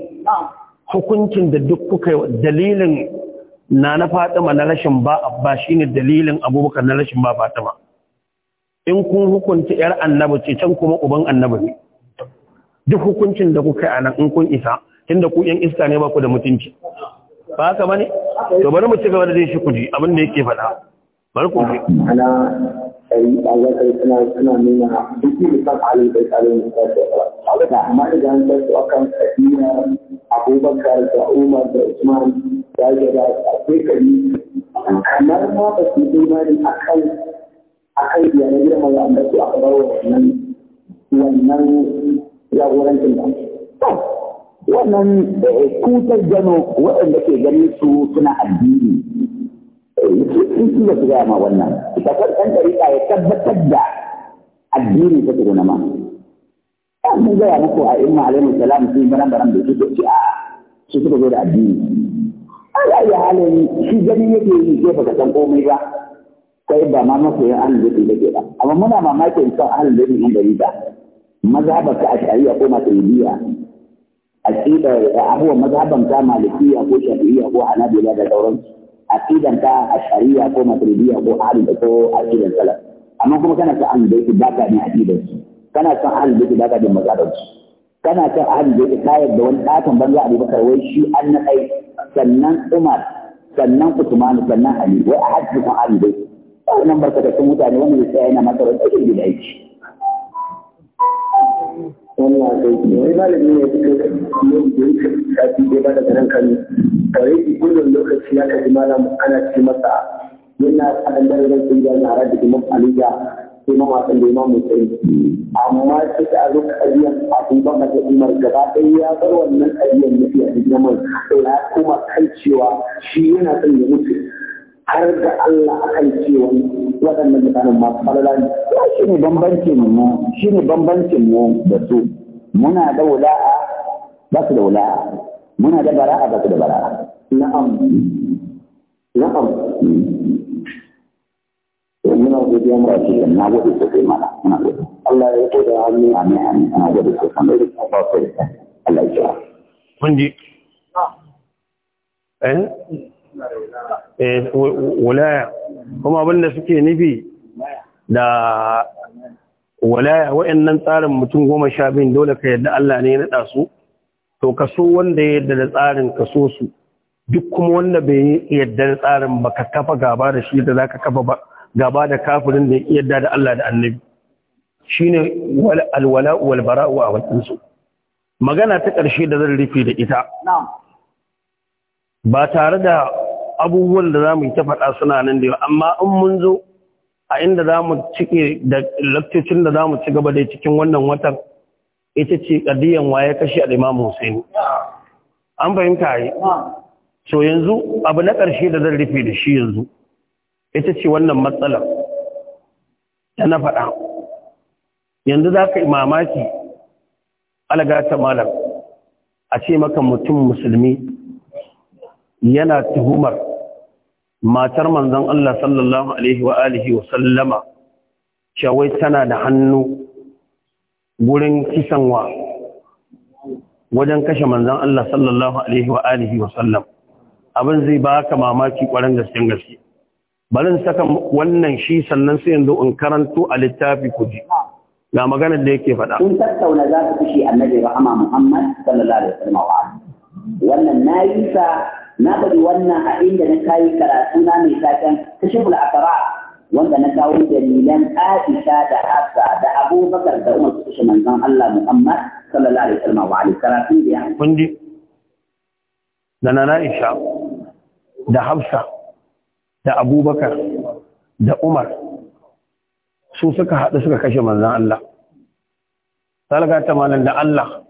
hukuncin da duk kuka yi dalilin na na fatima na rashin ba abba shi ne dalilin abubakar na rashin ba fatima in kun hukunta yar annabi ce can kuma uban annabi ne duk hukuncin da kuka yi a nan in kun isa tunda ku yan iska ne ba ku da mutunci ba haka bane to bari mu ci gaba da jin shi kuji abin da yake faɗa bari ku ji ana sai eh, Allah kai kuma suna nuna duk da san alai da alin da Allah da amma da an ta akan Abu Abubakar da Umar da Usman da ya da akwai kai kamar ma ba su imani akan akan ya ne da mai a su aka wannan wannan jagorancin ba wannan eh, kutar gano waɗanda ke ganin su suna addini in eh, da su gama wannan ita kan ɗarika ya tabbatar da addini ta tsoro ma an mun gaya muku a ilma alaihi salam sun baran baran da su ce a su suka zo da addini ala ya halin shi gani yake yi ke baka san komai ba sai ba ma masoyin ahlul da ke ba amma muna mamakin san ahlul bayt ke ba maza ba ka shari'a ko matsayiya aqida abuwa mazhaban ta malikiya ko shafi'iyya ko hanabila da sauran aqidan ta ashariya ko maturidiyya ko ahlul ko aqidan salaf amma kuma kana ta ahlul bait ba ka ne aqidan su kana san ahlul bait ba ka da mazhaban su kana san ahlul bait ka yadda wani datan banza Abu Bakar wai shi an na kai sannan Umar sannan Uthman sannan Ali wai a hajji ko ahlul bait wannan barkatattun mutane wannan sai yana masa wani aikin bid'a wannan sai ke wani malami ne suka yi da yake shafi dai ba daga nan kano kare ki lokaci ya kaji malam ana ce masa yana kaɗan da ran sun gani a da imam aliya imam hasan da imam musayi amma sai ta zo kariyar abubakar da umar gaba ɗaya ya bar wannan ajiyar mafi a cikin man ya kuma kan cewa shi yana son ya mutu har da Allah akan cewa waɗannan mutanen masu falala ne shi ne bambancin mu shi ne bambancin mu da su muna da wula'a ba su da wula'a muna da bara'a ba su da bara'a na'am na'am muna gobe ya mura cikin na su sosai mana muna gobe. Allah ya yi da hannu amin amin ana gode sosai mai da ba su Allah ya ji kun ji eh Eh, wulaya kuma abinda suke nufi da walaya wa'annan tsarin mutum goma sha biyun dole ka yadda Allah ne ya naɗa su to kaso wanda ya yadda da tsarin kaso su duk kuma wanda bai yadda da tsarin ba ka kafa gaba da shi da za ka kafa gaba da kafirin da ya yadda da Allah da annabi shine alwala wal bara'u a wakinsu magana ta ƙarshe da zan rufe da ita ba tare da abubuwan da za mu yi ta faɗa suna nan da yawa amma in mun zo a inda za mu cike da lakcocin da za mu ci gaba da cikin wannan watan ita ce ƙadiyan waye kashe al'imam Hussein. An fahimta yi. So yanzu abu na ƙarshe da zan rufe da shi yanzu ita ce wannan matsala ta na faɗa. Yanzu za ka yi mamaki algata malam a ce maka mutum musulmi yana tuhumar matar manzon Allah sallallahu alaihi wa alihi wa sallama cewa tana da hannu gurin kisanwa wajen kashe manzon Allah sallallahu alaihi wa alihi wa sallam abin zai baka mamaki kwarin gaskiyar gaske barin saka wannan shi sannan sai yanzu in karanto a littafi ku ji ga maganar da yake faɗa kun tattauna za ku shi annabi rahama Muhammad sallallahu alaihi wa sallam wannan nayi sa na bari wannan a inda na kayi karatu na mai taken kashiful akara wanda na kawo dalilan Aisha da Hafsa da Abubakar da Umar su kashe manzon Allah Muhammad sallallahu alaihi wasallam wa alaihi karatu da ya kundi da na Aisha da Hafsa da Abubakar da Umar su suka haɗu suka kashe manzon Allah salga ta malan da Allah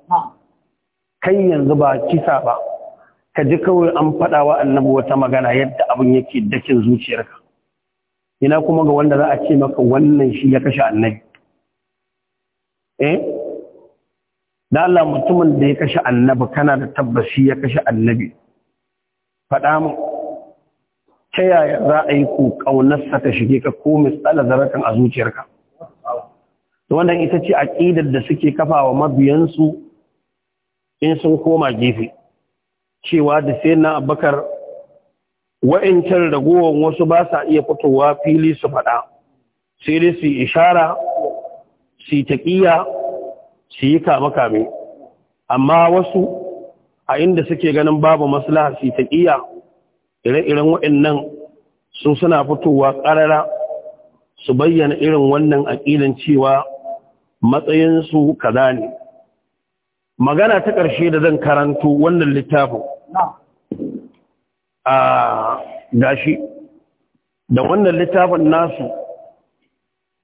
kai yanzu ba kisa ba ka ji kawai an faɗa wa annabi wata magana yadda abin yake dakin zuciyarka ina kuma ga wanda za a ce maka wannan shi ya kashe annabi eh da Allah mutumin da ya kashe annabi kana da tabbas shi ya kashe annabi faɗa mu ta yaya za a yi ku ƙaunarsa ta shige ka ko misala zarakan a zuciyarka wannan ita ce aƙidar da suke kafa wa mabiyansu in sun koma gefe cewa da sai na abakar wa'incan ragowar wasu ba sa iya fitowa fili su faɗa sai dai su ishara su taƙiya su yi kame-kame amma wasu a inda suke ganin babu maslaha su taƙiya ire-iren waɗannan su suna fitowa ƙarara su bayyana irin wannan aƙilin cewa matsayinsu kaza ne magana ta ƙarshe da zan karanto wannan littafin a ah, gashi da wannan littafin nasu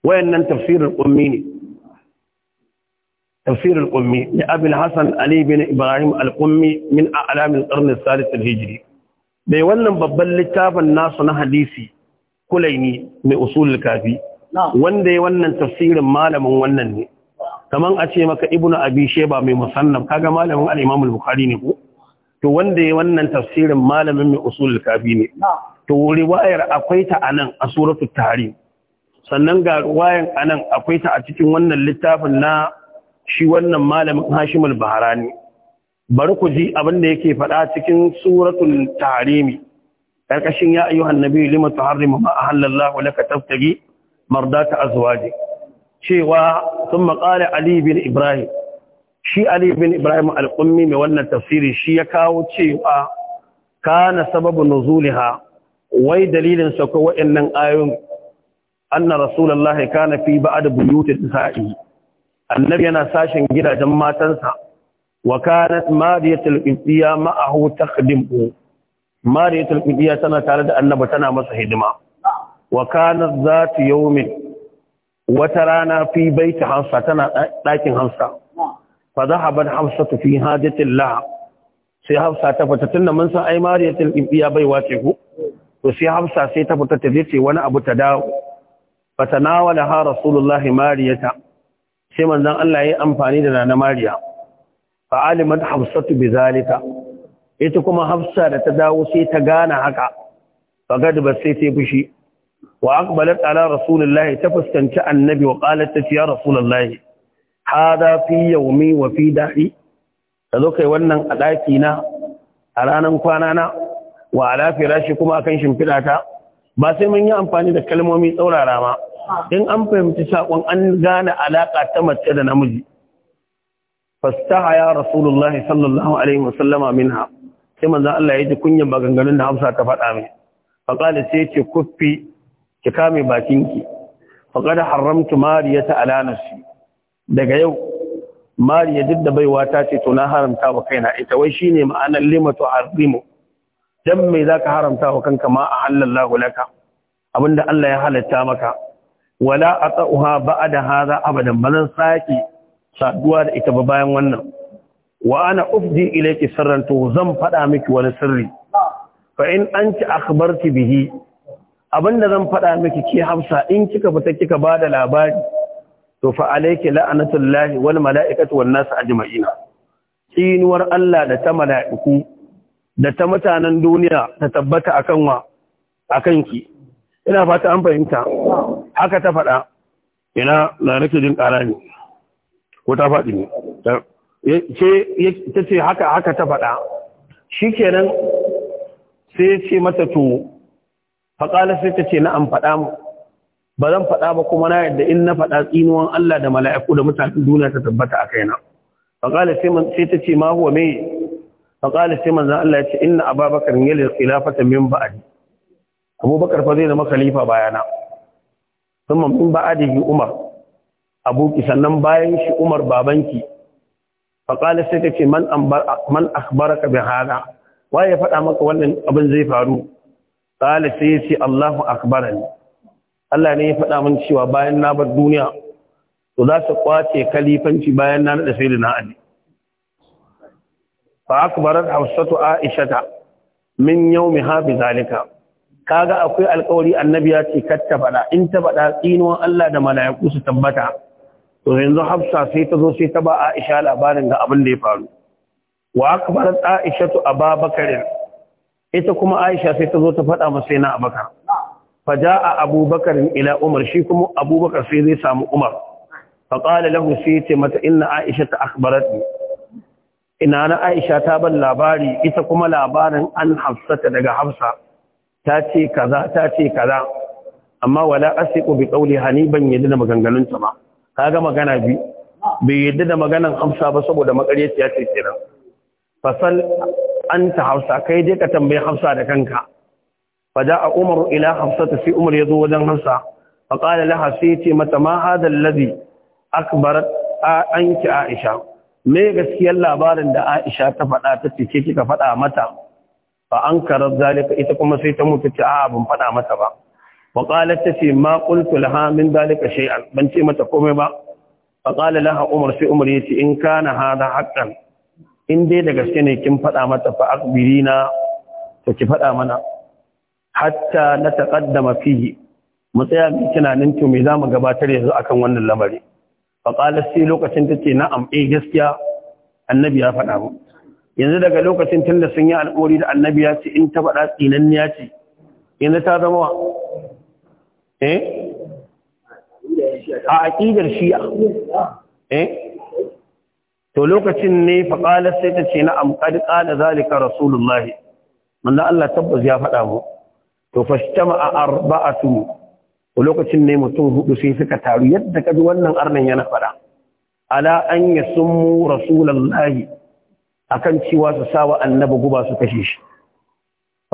wayannan tafsirin ummi ne tafsirin ummi ne abin hassan ali bin ibrahim al-ummi min a'lamin karnin salis al-hijri bai wannan babban littafin nasu na hadisi kulaini mai usulul kafi wanda ya wannan tafsirin malamin wannan ne kaman a ce maka ibnu abi sheba mai musannaf kaga malamin al-imam al-bukhari ne ko to wanda ya wannan tafsirin malamin mai usul kafi ne to riwayar akwai ta anan a suratu tari sannan ga riwayar anan akwai ta a cikin wannan littafin na shi wannan malamin Hashim al-Baharani bari ku ji abin da yake faɗa cikin suratul tarimi karkashin ya ayyuhan nabi lima tuharrimu ma ahallallahu laka tabtagi mardata azwaji cewa sun maƙale Ali bin Ibrahim shi Ali bin Ibrahim al-Qummi mai wannan tafsiri shi ya kawo cewa kana sababu nuzuliha wai dalilin sa ko wayannan ayoyin anna rasulullahi kana fi ba'd buyuti nisa'i annabi yana sashin gidajen matansa wa kanat madiyatul qidiya ma'ahu takhdimu madiyatul qidiya tana tare da annabi tana masa hidima wa kanat zatu yawmin wata rana fi baiti hansa tana ɗakin hansa fa zahaban hafsatu fi hajatillah sai hafsa ta fita tunda mun san ai mariyatul ibiya bai wace ku to sai hafsa sai ta fita ta je wani abu ta dawo fatanawala ha rasulullahi mariyata sai manzan Allah yi amfani da nana mariya fa alimat hafsatu bizalika ita kuma hafsa da ta dawo sai ta gane haka fagad ba sai ta fushi wa aqbalat ala rasulillahi ta fuskanci annabi wa qalat ta ya rasulullahi hada fi yaumi wa fi da'i ka zo kai wannan a ɗaki na a ranar kwana na wa ala firashi kuma akan shimfiɗa ta ba sai mun yi amfani da kalmomi tsaurara ma in an fahimci saƙon an gane alaƙa ta mace da namiji Fastaha ya rasulullahi sallallahu alaihi wasallama minha sai manzon Allah ya ji kunyan maganganun da Hafsa ta faɗa mai faqala sai ce kuffi ki kame bakinki faqad haramtu mariyata ala nafsi daga yau mariya duk da baiwa ta ce to na haramta wa kaina ita wai shine ma'anar limatu harimu dan me zaka haramta wa kanka ma a halallahu laka abinda Allah ya halatta maka wala da ba'da a abadan bazan saki saduwa da ita ba bayan wannan wa ana ufdi ilayki sirran to zan fada miki wani sirri fa in anti akhbarti bihi abinda zan fada miki ke Hafsa in kika fita kika bada labari to fa alayki la'natullahi wal mala'ikatu wan nas ajma'ina tsinuwar Allah da ta mala'iku da ta mutanen duniya ta tabbata akan wa akan ki ina fata an fahimta haka ta faɗa ina na nake jin ƙara ne ko ta faɗi ne ta ce haka haka ta faɗa shi sai ce mata to faƙala sai ta ce na an fada mu ba zan faɗa ba kuma na yadda in na faɗa tsinuwan Allah da mala'iku da mutanen duniya ta tabbata a kaina faqala sai man sai tace ma huwa me faqala sai manzon Allah ya ce inna ababakar yali khilafatan min ba'di abubakar fa zai zama khalifa bayana thumma min ba'di umar abuki sannan bayan shi umar babanki faqala sai tace man man akhbaraka bi hada waye faɗa maka wannan abin zai faru qala sai ya ce Allahu akbarani Allah ne ya faɗa min cewa bayan na bar duniya to za su kwace kalifanci bayan na naɗa sayyidina Ali fa akbarat hafsatu aishata min yawmi ha bi zalika kaga akwai alƙawari annabi ya ce kar ta faɗa in ta faɗa tsinuwan Allah da mala'iku su tabbata to yanzu hafsa sai ta zo sai ta ba Aisha labarin ga abin da ya faru wa akbarat aishatu ababakarin ita kuma aisha sai ta zo ta faɗa masa yana abakar a abubakar ila umar shi kuma abubakar sai zai samu umar faƙala lahu sai ce mata inna aisha ta akbaratni ina na aisha ta ban labari ita kuma labarin an hafsata daga hafsa ta ce kaza ta ce kaza amma wala asiqu bi qawli hani ban yadda da maganganunta ba ga magana bi bai yadda da maganan hafsa ba saboda ya ce kenan fasal ta hafsa kai dai ka tambayi hafsa da kanka فجاء عمر Umar حفصة في عمر يدو وجن حفصة فقال لها سيتي متى ما هذا الذي أكبرت أنك عائشة me gaskiyar labarin da Aisha ta faɗa ta ce kika faɗa mata fa ankara zalika ita kuma sai ta mutu ta, a ban faɗa mata ba wa qalat ta ce ma qultu laha min zalika shay'an ban ce mata komai ba fa qala laha umar sai umar yace in kana hada haqqan in dai da gaske ne kin faɗa mata fa akbirina to ki faɗa mana hatta na taƙaddama fiye mu tsaya mu tunanin to me zamu gabatar yanzu akan wannan lamari fa qala sai lokacin tace na'am eh gaskiya annabi ya faɗa mu yanzu daga lokacin tunda sun yi alƙawari da annabi ya ce in ta faɗa tsinanniya ce yanzu ta zama wa eh a aƙidar shi'a eh to lokacin ne fa qala sai tace na'am qad qala zalika rasulullahi manzo Allah tabbas ya faɗa mu to fashtama arba'atu lokacin ne mutum hudu sai suka taru yadda kaji wannan arnan yana faɗa. ala an yasummu rasulullahi akan cewa su sawa annabi guba su kashe shi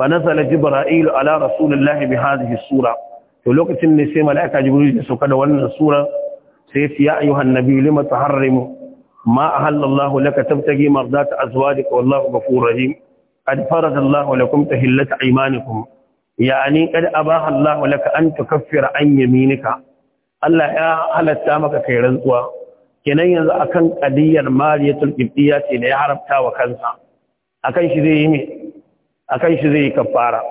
fa nazala jibril ala rasulullahi bi hadhihi sura to lokacin ne sai malaika jibril ya sauka da wannan sura sai ya ce ya ayyuhan nabi lima taharrimu ma ahallallahu laka tabtagi mardata azwajika wallahu ghafurur rahim qad farada lakum tahillata aymanikum yani kad abaha Allahu laka an tukaffira an yaminika Allah ya halatta maka kai rantsuwa kenan yanzu akan qadiyar mariyatul qibtiyya ce da ya harafta wa kansa akan shi zai yi me akan shi zai yi kafara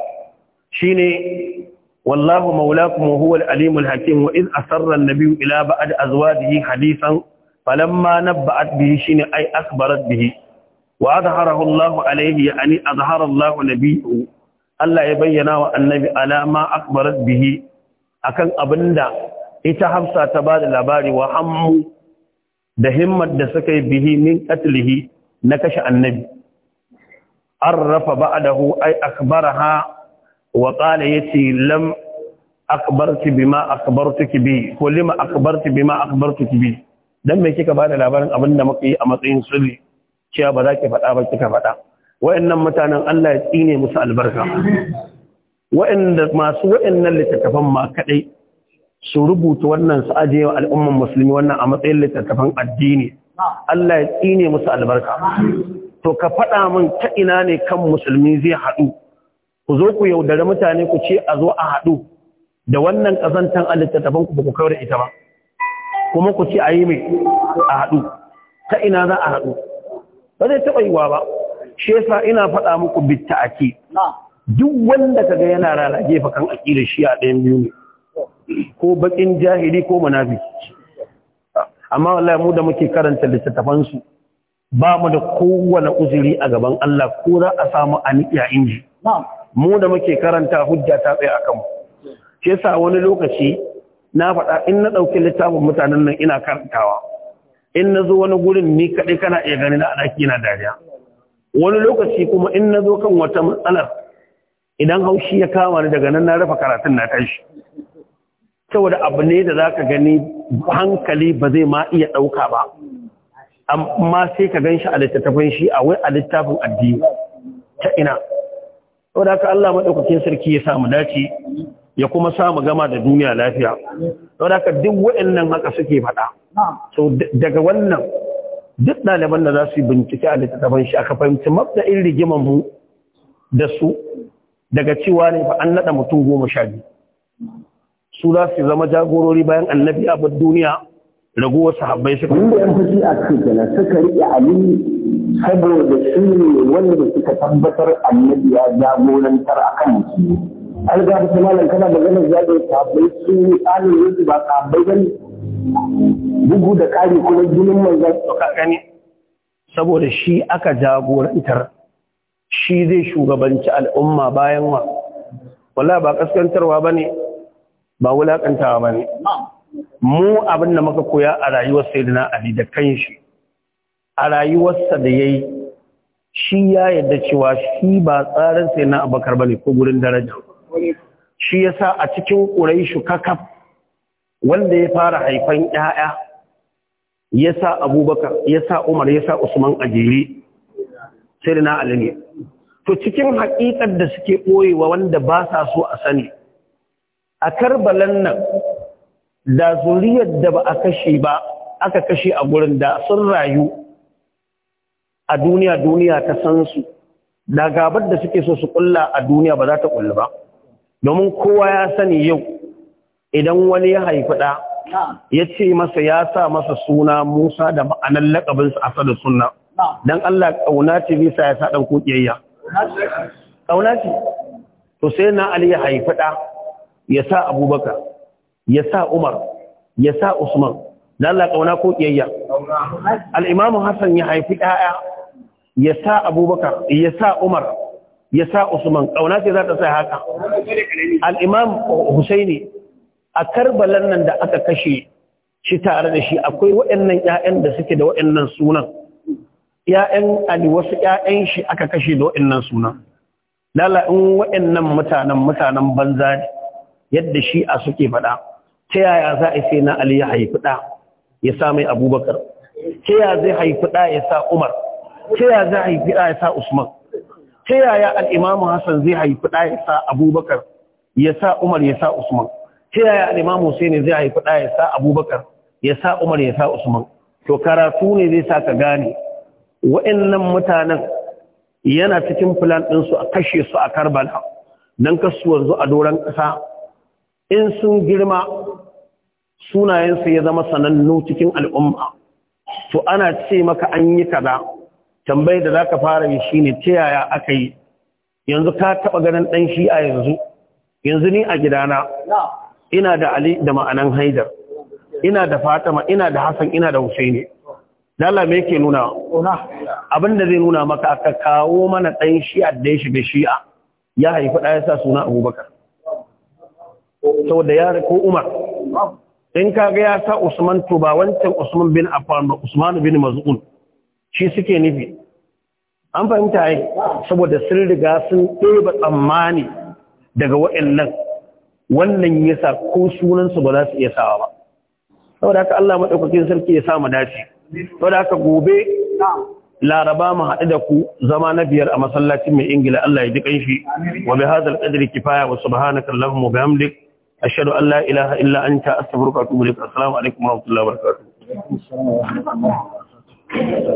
shine wallahu maulakum huwa alimul hakim wa id asarra an-nabiyyu ila ba'd azwajihi hadithan falamma nabba'at bihi shine ay akbarat bihi wa adharahu Allahu alayhi yani adhara Allahu nabiyyu Allah ya bayyana wa annabi alama akbarat bihi akan abinda ita Hafsa ta ba da labari wa hammu da himmat da suka yi bihi min qatlihi na kashe annabi arrafa ba'dahu ay akbaraha wa qala yati lam akbarti bima akbartuki bi ko lima akbarti bima akbartuki bi dan me kika ba da labarin abinda muka yi a matsayin sulli cewa ba za ki faɗa ba kika faɗa wa'annan mutanen Allah ya tsine musu albarka masu wa'annan littattafan ma kadai su rubuta wannan su wa al'umman musulmi wannan a matsayin littattafan addini Allah ya tsine musu albarka to ka faɗa min ta ina ne kan musulmi zai haɗu ku zo ku yaudare mutane ku ce a zo a haɗu da wannan ƙazantan a littattafan ku ba ku kawar ita ba kuma ku ce a yi mai a haɗu ta ina za a haɗu ba zai taɓa yiwa ba shi yasa ina faɗa muku bitta ake duk wanda ka ga yana rana gefa kan akida shi a ɗayan biyu ne ko bakin jahili ko munafiki amma wallahi mu da muke karanta littattafan su ba mu da kowane uzuri a gaban Allah ko za a samu a niya inji mu da muke karanta hujja ta tsaye a kanmu. shi yasa wani lokaci na faɗa in na ɗauki littafin mutanen nan ina karantawa in na zo wani gurin ni kaɗai kana iya ganin a ɗaki na dariya wani lokaci kuma in na zo kan wata matsalar idan haushi ya kama ni daga nan na rafa karatun na tashi saboda abu ne da za ka gani hankali ba zai ma iya ɗauka ba amma sai ka gan shi a littattafin shi a wai a littafin addini ta ina saboda haka Allah maɗaukakin sarki ya samu dace ya kuma samu gama da duniya lafiya saboda haka duk waɗannan haka suke faɗa so daga wannan duk ɗaliban da za su yi bincike a littattafan shi aka fahimci mabda'in rigiman mu da su daga cewa ne ba an naɗa mutum goma sha biyu su za su zama jagorori bayan annabi a duniya raguwar sahabbai suka yi da yanzu a cikin suka riƙe ali saboda shi ne wanda suka tabbatar annabi ya jagorantar a kan musulmi an gaba su malam kana maganar zagaye sahabbai su ne tsarin yanzu ba sahabbai ba bugu da ƙari kuma jinin manzan suka saboda shi aka jagorantar shi zai shugabanci al'umma bayan wa wala ba kaskantarwa ba ne ba wulaƙantawa ba ne mu abin da muka koya a rayuwar sayyidina ali da kanshi a rayuwarsa da ya yi shi ya yadda cewa shi ba tsarin sai na abakar ne ko gurin daraja shi ya sa a cikin ƙurai shi kakaf wanda ya fara haifan 'ya'ya, ya sa abubakar ya sa umar ya sa usman a jere sai da na alimi to cikin haƙiƙar da suke ɓoyewa wanda ba sa so a sani a karbalan nan da zuriyar da ba a kashe ba aka kashe a gurin da sun rayu a duniya duniya ta san su da gabar da suke so su ƙulla a duniya ba za ta ƙulla ba domin kowa ya sani yau idan wani ya haifi ɗa ya ce masa ya sa masa suna Musa da ma'anar laƙabinsa a sada suna don Allah ƙauna ce bisa ya sa ɗan ƙiyayya. ƙauna ce to sai na Ali ya haifi ɗa ya sa Abubakar ya sa Umar ya sa Usman Don Allah ƙauna ko ƙiyayya. imam Hassan ya haifi ɗaya ya sa Abubakar ya sa Umar ya sa Usman ƙauna ce za ta sa haka al'imam imam Husaini a karbalan nan da aka kashe shi tare da shi akwai waɗannan ƴaƴan da suke da waɗannan sunan ƴaƴan ali wasu ƴaƴan shi aka kashe da waɗannan sunan lala in waɗannan mutanen mutanen banza ne yadda shi a suke faɗa ta yaya za a sai na ali ya haifi ɗa ya sa mai abubakar ta yaya zai haifi ɗa ya sa umar ta yaya zai haifi ɗa ya sa usman ta yaya al'imamu hassan zai haifi ɗa ya sa abubakar ya sa umar ya sa usman ta yaya al'imam Hussein zai haifi ɗa ya sa Abubakar ya sa Umar ya sa Usman to karatu ne zai sa ka gane wa'annan mutanen yana cikin filan ɗinsu a kashe su a Karbala don kasu wanzu a doron ƙasa in sun girma sunayensu ya zama sanannu cikin al'umma to ana ce maka an yi kaza tambayar da za ka fara yi ne ta yaya aka yi yanzu ka taɓa ganin shi a yanzu yanzu ni a gidana ina da ali da ma'anan haidar ina da fatima ina da hasan ina da husaini dala me yake nuna abinda zai nuna maka aka kawo mana ɗan shi'a da ya shiga shi'a ya haifi ɗaya sa suna abubakar sau da ya ko umar in kaga ya sa usman to ba wancan usman bin affan ba usman bin maz'un shi suke nufi an fahimta yi saboda sun riga sun ɗeba tsammani daga waɗannan wannan yasa ko sunansu ba za su iya sawa ba saboda haka Allah maɗaukakin sarki ya sa mu dace saboda haka gobe laraba mu haɗu da ku zama na biyar a masallacin mai ingila Allah ya ji kanshi wa bi hadzal qadri kifaya wa subhanaka allahumma wa bihamdik ashhadu an la ilaha illa anta astaghfiruka wa atubu ilaik assalamu alaikum wa rahmatullahi wa barakatuh